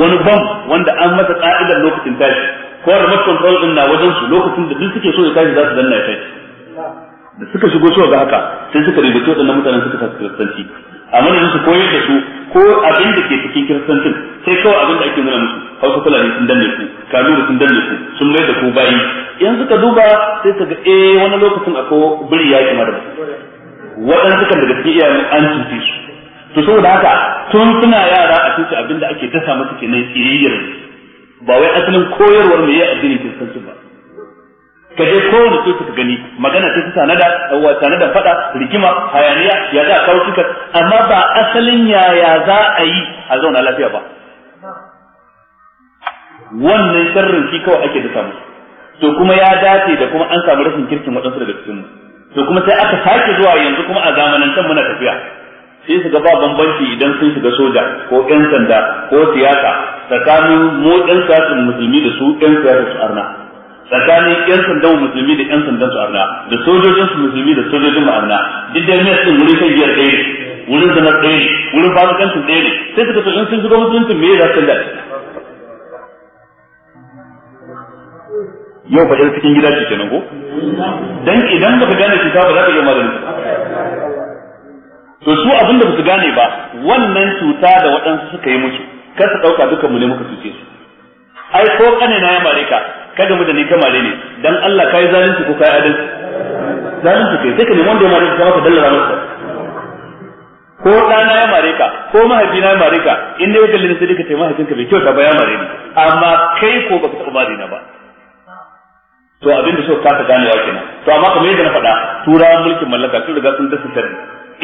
Speaker 1: wani bam wanda an masa ka'idar lokacin tashi ko remote control din na wajen su lokacin da duk suke so ya tashi za su danna ya da suka shigo su ga haka sai suka rubuta waɗannan mutanen suka tafi kiristanci a madadin su koyar da su ko abin da ke cikin kiristancin sai kawai abin da ake nuna musu hausa fulani sun danne ku kanuri sun danne su, sun mai da ku bayi in suka duba sai ka ga eh wani lokacin akwai biri ya kima da su waɗansu kan daga cikin iyayen an cuce su to saboda haka tun suna yara a cikin abin da ake dasa musu kenan kiriyyar ba wai asalin koyarwar mai yi addinin kiristanci ba ka je kowane tsoki suka gani magana da wa tanada tanada fada rigima hayaniya ya za a kawo amma ba asalin yaya za a yi a zauna lafiya ba wannan sharrin shi kawai ake da samu to kuma ya dace da kuma an samu rashin kirkin wadansu daga cikinmu to kuma sai aka sake zuwa yanzu kuma a zamanin zamanantan muna tafiya sai su ga ba bambanci idan sun shiga soja ko yan sanda ko siyasa tsakanin mu ƴan siyasar musulmi da su yan siyasar su arna tsakanin yan sandan musulmi da yan sandan su arna da sojojin su musulmi da sojojin mu arna duk da ne sun wurin kan biyar ɗaya wurin zanar ɗaya ne wurin fasikancin ɗaya ne sai suka so in sun shiga musulunci me za su da yau fa yar cikin gida ce kenan ko dan idan ka gane cuta ba za ka iya maganin to su abinda ba su gane ba wannan cuta da waɗansu suka yi musu kar su ɗauka dukan mu ne muka cuce su ai ko kane na ya mare ka kada mu da ni ka mare ne dan Allah kai zalunci ko kai adalci zalunci kai sai ne wanda ya mare ka maka dallara masa ko na ya mare ka ko mahaifi na ya mare ka in dai wajen sai ka ce mahaifinka bai kyauta ba ya mare ni amma kai ko baka taɓa mare na ba to abin da suka gane wake na to amma kamar yadda na faɗa turawan mulkin mallaka sun riga sun dasa sirri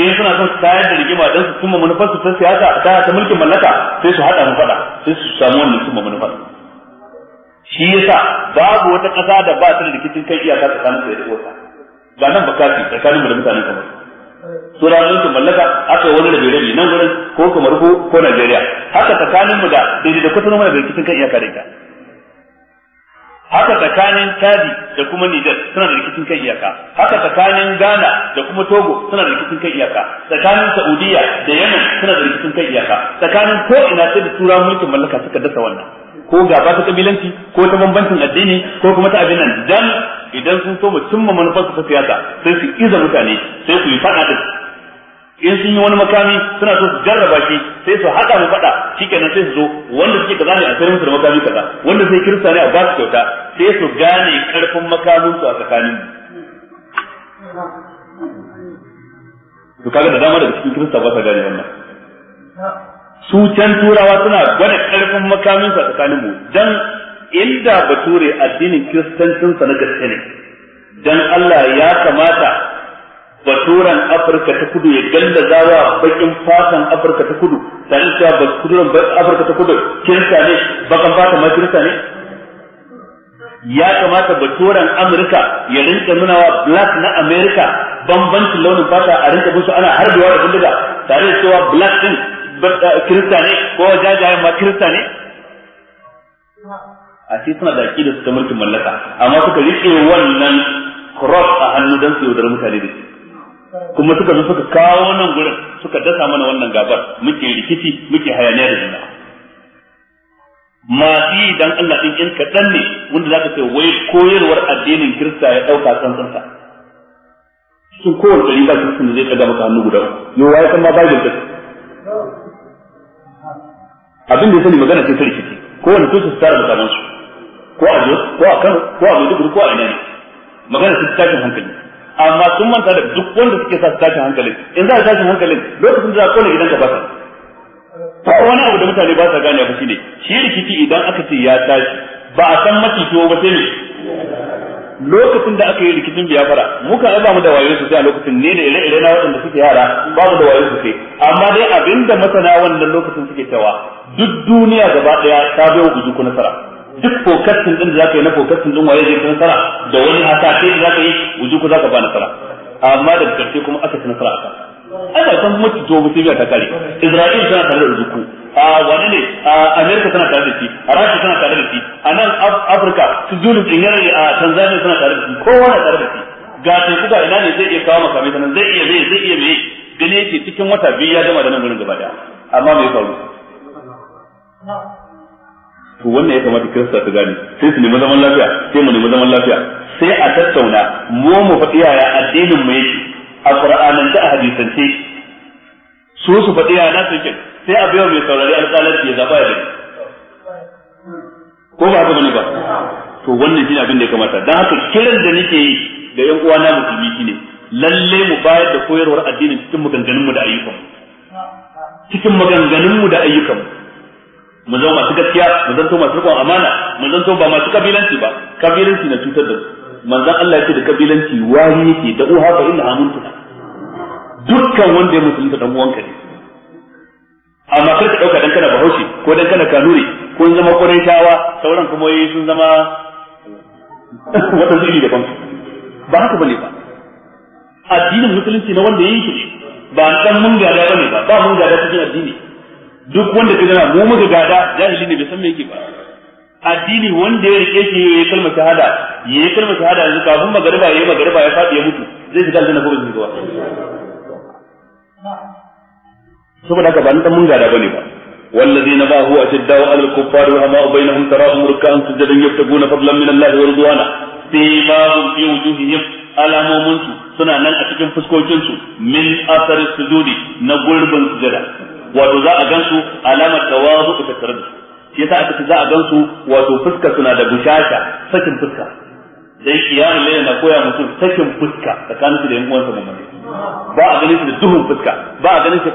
Speaker 1: in suna son su tayar da rigima don su cimma manufarsu ta siyasa ta mulkin mallaka sai su haɗa mu faɗa sai su samu wannan cimma manufar shi yasa babu wata ƙasa da ba ta da rikicin kai iyaka tsakanin da ita ga nan bakafi tsakanin mu da mutanen kamar suranin su mallaka aka wani da bai nan gurin ko kamar ko ko Najeriya haka tsakanin mu da daidai da kwatano mana da rikicin kan iyaka da ita haka tsakanin Chadi da kuma Niger suna da rikicin kan iyaka haka tsakanin Ghana da kuma Togo suna da rikicin kan iyaka tsakanin Saudiya da Yemen suna da rikicin kan iyaka tsakanin ko ina ce da tura mulkin mallaka suka dasa wannan ko gaba ta kabilanci ko ta bambancin addini ko kuma ta abin nan dan idan sun so mu cimma manufarsu ta siyasa sai su iza mutane sai su yi fada din in sun yi wani makami suna so su jarraba shi sai su haɗa mu faɗa shikenan sai su zo wanda suke kaza ne a sayar musu da makami kaza wanda sai kirista ne a ba su kyauta sai su gane karfin makamin su a tsakanin to kaga da dama daga cikin kirista ba sa gane wannan su can turawa
Speaker 2: suna gwada karfin makamin
Speaker 1: sa tsakanin mu dan inda bature addinin kristancin sa na gaske ne dan Allah ya kamata baturan Afirka ta kudu ya ganda zawa bakin fatan Afirka ta kudu tare da baturan Afirka ta kudu kirista ne bakan fata ma kirista ne ya kamata baturan Amurka ya rinka nuna wa black na Amurka, bambancin launin fata a rinka musu ana harbewa da bindiga tare da cewa black din Eh, kirista ne ko jajayen ma kirista ne a ce suna da da su ta mulkin mallaka amma suka rike wannan cross a hannu don su yaudar mutane da kuma suka zo suka kawo nan gurin suka dasa mana wannan gabar muke rikici muke hayaniya da juna masu yi dan Allah din in kaɗan ne wanda za ka ce wai koyarwar addinin Kirista ya ɗauka tsantsanta. cikin kowace ɗari ba Kiristan da zai ɗaga maka hannu guda yau waye san ma Bible ɗin abin da ya sani magana sai sarki ce ko wani sun su tara mutanen su ko a Jos ko a Kano ko a Maiduguri ko a ina ne magana su tashin hankali amma sun manta da duk wanda suke sa su tashin hankali in za a tashin hankali lokacin da za a kone idan ka basa ko wani abu da mutane ba sa gane ba ne shi rikici idan aka ce ya tashi ba a san mafi ba sai ne lokacin da aka yi rikicin biyafara muka ba mu da wayo sai a lokacin ne da ire-ire na waɗanda suke yara ba mu da wayo sai amma dai abinda masana wannan lokacin suke cewa duk duniya gaba ɗaya ta bai wa ku nasara duk fokasin din da zaka yi na fokasin din waye zai nasara da wani sai da zaka yi wuju ku zaka ba nasara amma da karshe kuma aka ci nasara aka ana san mutu to mutum ya ta kare Isra'il tana tare da rujuku a wani ne a amerika tana tare da shi a rasha tana tare da shi a nan afirka su zulu tsinyar a tanzania tana tare da shi kowa na tare da shi ga ta kuka ina ne zai iya kawo makamai sanan zai iya zai zai iya mai gani yake cikin wata biyu ya gama da nan wurin gaba daya amma mai faru to wannan ya kamata kirista su gane sai su nemi zaman lafiya sai mu nemi zaman lafiya sai a tattauna mu mu faɗi yaya addinin mu yake a qur'anance a hadisance su su faɗi yaya na su yake sai a biyo mai saurari alƙalanci ya zaba ya bari ko ba haka bane ba to wannan shi abin da ya kamata dan haka kiran da nake yi ga yan uwana musulmi shine lalle mu bayar da koyarwar addinin cikin maganganunmu da ayyukan cikin maganganunmu da ayyukan mu zama masu gaskiya mu zanto masu riƙon amana mu zanto ba masu kabilanci ba kabilanci na cutar da su manzan Allah ya ce da kabilanci wari yake da uha fa inna amuntuna dukkan wanda ya musulunta dan uwanka ne amma kar ka dauka dan kana bahaushe ko dan kana kanuri ko zama shawa sauran kuma yi sun zama wata zuri da kansu ba haka bane ba addinin musulunci na wanda yake ba dan mun da bane ba ba mun da cikin addini duk wanda ke gana mu muka gada jahili ne bai san me yake ba addini wanda ya rike shi ya kalma shahada ya kalma shahada yanzu kafin magariba ya yi magariba ya faɗi ya mutu zai shiga aljanna ko bai zuwa ba saboda haka ba na dan mun gada bane ba والذين معه أشداء على الكفار رحماء بينهم تراهم ركعا سجدا يبتغون فضلا من الله ورضوانا سيماهم في وجوههم alamominsu suna nan a cikin fuskokinsu min asar sujudi na gurbin sujada wato za a gansu alamar tawazu ta tare da shi yasa aka za a gansu wato fuska suna da bushasha sakin fuska dai kiyamu laila na koya mutum sakin fuska tsakanin su da ba a ganin su da duhun fuska ba a ganin su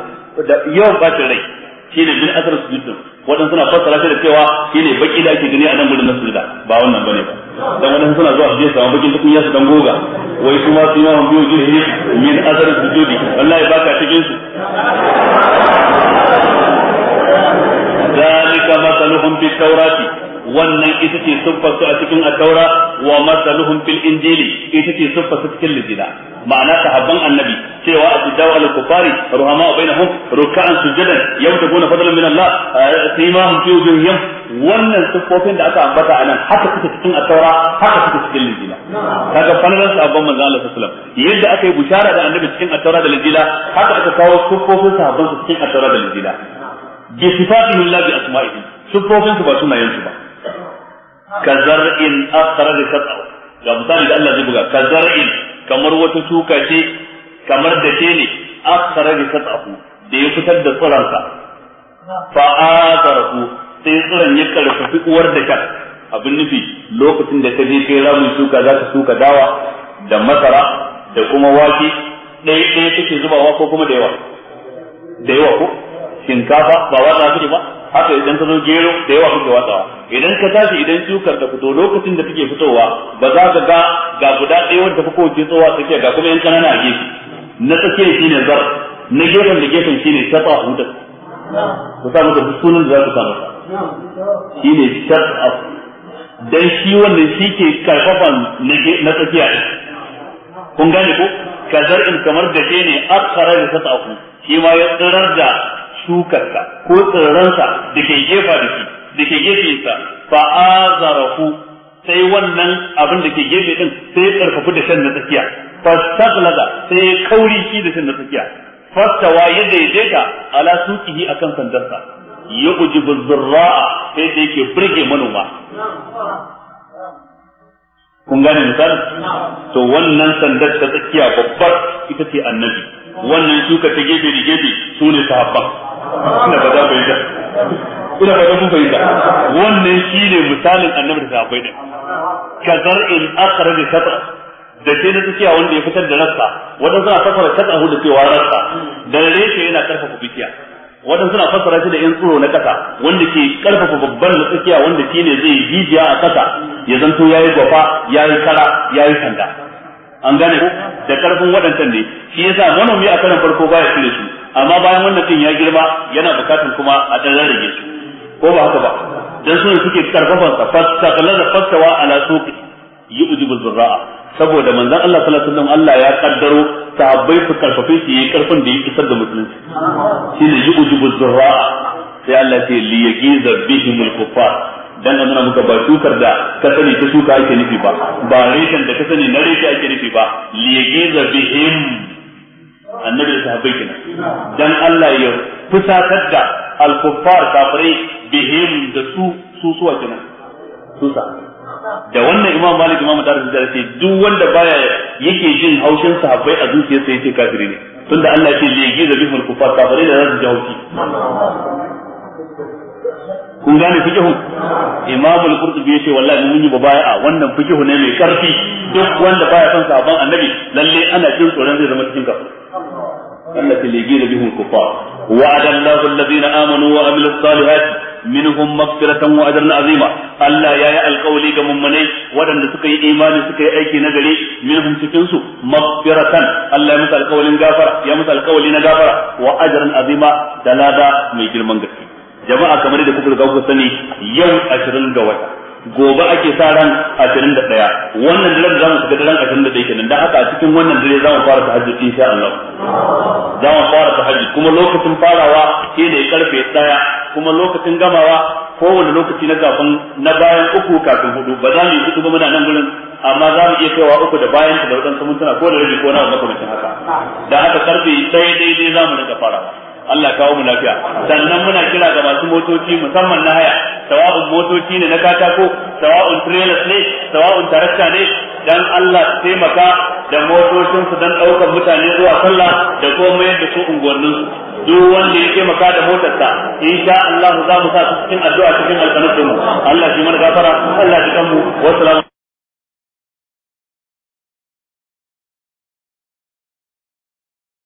Speaker 1: da yawan bacin rai ne min asar sujud waɗansu suna fassara shi da cewa ne baki da ake gani a nan na nasujda ba wannan bane ba dan wani suna zuwa su je su bakin tukun yasu dan goga wai su ma su yi wa biyu jirhi min asar sujudi wallahi baka cikin su masaluhum fi taurati wannan ita ce siffar su a cikin at-taura wa masaluhum fil injili ita ce siffar su cikin lijila ma'ana sahabban annabi cewa asjaw al kufari ruhama bainahum ruk'an sujadan yawtabuna fadlan min Allah eh, simahum fi wujuhihim wannan siffofin da aka ambata a nan haka suke cikin at-taura haka suke cikin lijila kaga falalan sahabban manzo Allah sallallahu alaihi wasallam yadda aka yi bushara da annabi cikin at-taura da lijila haka aka kawo siffofin sahabban su cikin at-taura da lijila bi sifatihim la bi asma'ihim sufofin su ba sunayen su ba akhara da qat'u ga misali da Allah zai buga kazar in kamar wata tuka ce kamar da ce ne da qat'u da ya fitar da sa, fa azarahu sai tsiran ya karfafi uwar da ta abin nufi lokacin da ta je kai ramin tuka za ka tuka dawa da masara da kuma wake ɗaya ɗaya take zubawa ko kuma da yawa da yawa ko
Speaker 4: shinkafa ba
Speaker 1: wata ne ba haka idan ka zo gero da yawa kuke watsawa idan ka tashi idan shukar ta fito lokacin da take fitowa ba za ka ga ga guda ɗaya wanda fa kowace tsowa take ga kuma yan kanana a gefe na tsakiya shine zar na gefen da gefen shine tafa huda ku sa masa sunan da za ku sa masa shine tafa dan shi wannan shi ke karfafan na tsakiya kun gane ko kazar in kamar da ke ne akhara da tafa shi ma ya tsirar da shukarsa ko tsirransa da ke gefa da shi da ke sa fa azarahu sai wannan abin da ke gefe din sai karfafu da shan na tsakiya fastaghlaza sai ya kauri shi da shan na tsakiya yadda ya daidaita ala suqihi akan sandarsa yujibu zurra'a sai da yake burge manoma kun gane misali to wannan sandar ta tsakiya babbar ita ce annabi wannan shuka ta gefe da gefe su ne sahabban ina ba za ku yi ina ba za ku da wannan shi ne misalin annabi da sahabbai din kazar in akhraja shatra da ke na tsakiya wanda ya fitar da rassa wadan suna fasara shatra da cewa rassa da reshe yana karfafa bikiya wadan suna fasara shi da yan tsoro na kasa wanda ke karfafa babban na tsakiya wanda shi ne zai jijiya a kasa ya zanto yayi gwafa yayi kara yayi sanda an gane ko da karfin waɗancan ne shi yasa manomi a karan farko baya cire su amma bayan wannan din ya girma yana bukatun kuma a dan rage su ko ba haka ba dan su ne suke karfafan sa fasta kallada fastawa ala suqi yujibul zurra'a saboda manzon Allah sallallahu alaihi wasallam Allah ya kaddaro sahabbai su karfafe su yi karfin da ya isar da musulunci shine yujibul birra'a sai Allah ce li yagiza bihimul kuffar dan an nuna muka ba shukar da ka sani ta shuka ake nufi ba ba reshen da ka sani na reshe ake nufi ba li yagiza bihim annabi da sahabbai kina dan Allah ya fusatar da al-kuffar kafirai bihim da su su suwa kenan su sa da wannan imam malik imam da rasul ce duk wanda baya yake jin haushin sahabbai a zuciyarsa yace kafiri ne tunda Allah ce li yagiza al-kuffar kafirai da zai ji haushi
Speaker 3: kun gane fikihu
Speaker 1: imam al-qurtubi yace wallahi mun yi a wannan fikihu ne mai karfi duk wanda baya son sahabban annabi lalle ana jin tsoron zai zama cikin kafiri التي ليجير بهم الكفار وعد الله الذين امنوا وعملوا الصالحات منهم مغفرة وأجرا عظيما Allah ya yi alkawali ga mummunai waɗanda suka yi imani suka yi aiki na gari minhum cikinsu su maghfiratan Allah ya musu alkawalin gafara ya musu alkawali na gafara wa ajran azima da lada mai girman gaske jama'a kamar da kuka riga kuka sani yau 20 ga wata gobe ake sa ran 21 wannan daren da mu shiga daren 21 kenan dan haka a cikin wannan dare za mu fara tahajjud insha Allah mu fara tahajjud kuma lokacin farawa ne karfe 1 kuma lokacin gamawa kowane lokaci na gaban na bayan uku kafin hudu ba za mu yi hudu ba muna nan gurin amma za mu iya kaiwa uku da bayan ta da wadansu mutuna ko da rabi ko na makamancin haka dan haka karfe 1 daidai mu rinka farawa Allah kawo mu lafiya sannan muna kira ga masu motoci musamman na haya sawa'un motoci ne na katako sawa'un trailers ne sawa'un tarakta ne dan Allah taimaka da motocin su dan daukar mutane zuwa sallah da komai da su unguwannin duk wanda ya taimaka da motarsa insha Allah za mu sa cikin addu'a cikin alƙanurin mu
Speaker 3: Allah ji mana gafara Allah ji kanmu wassalamu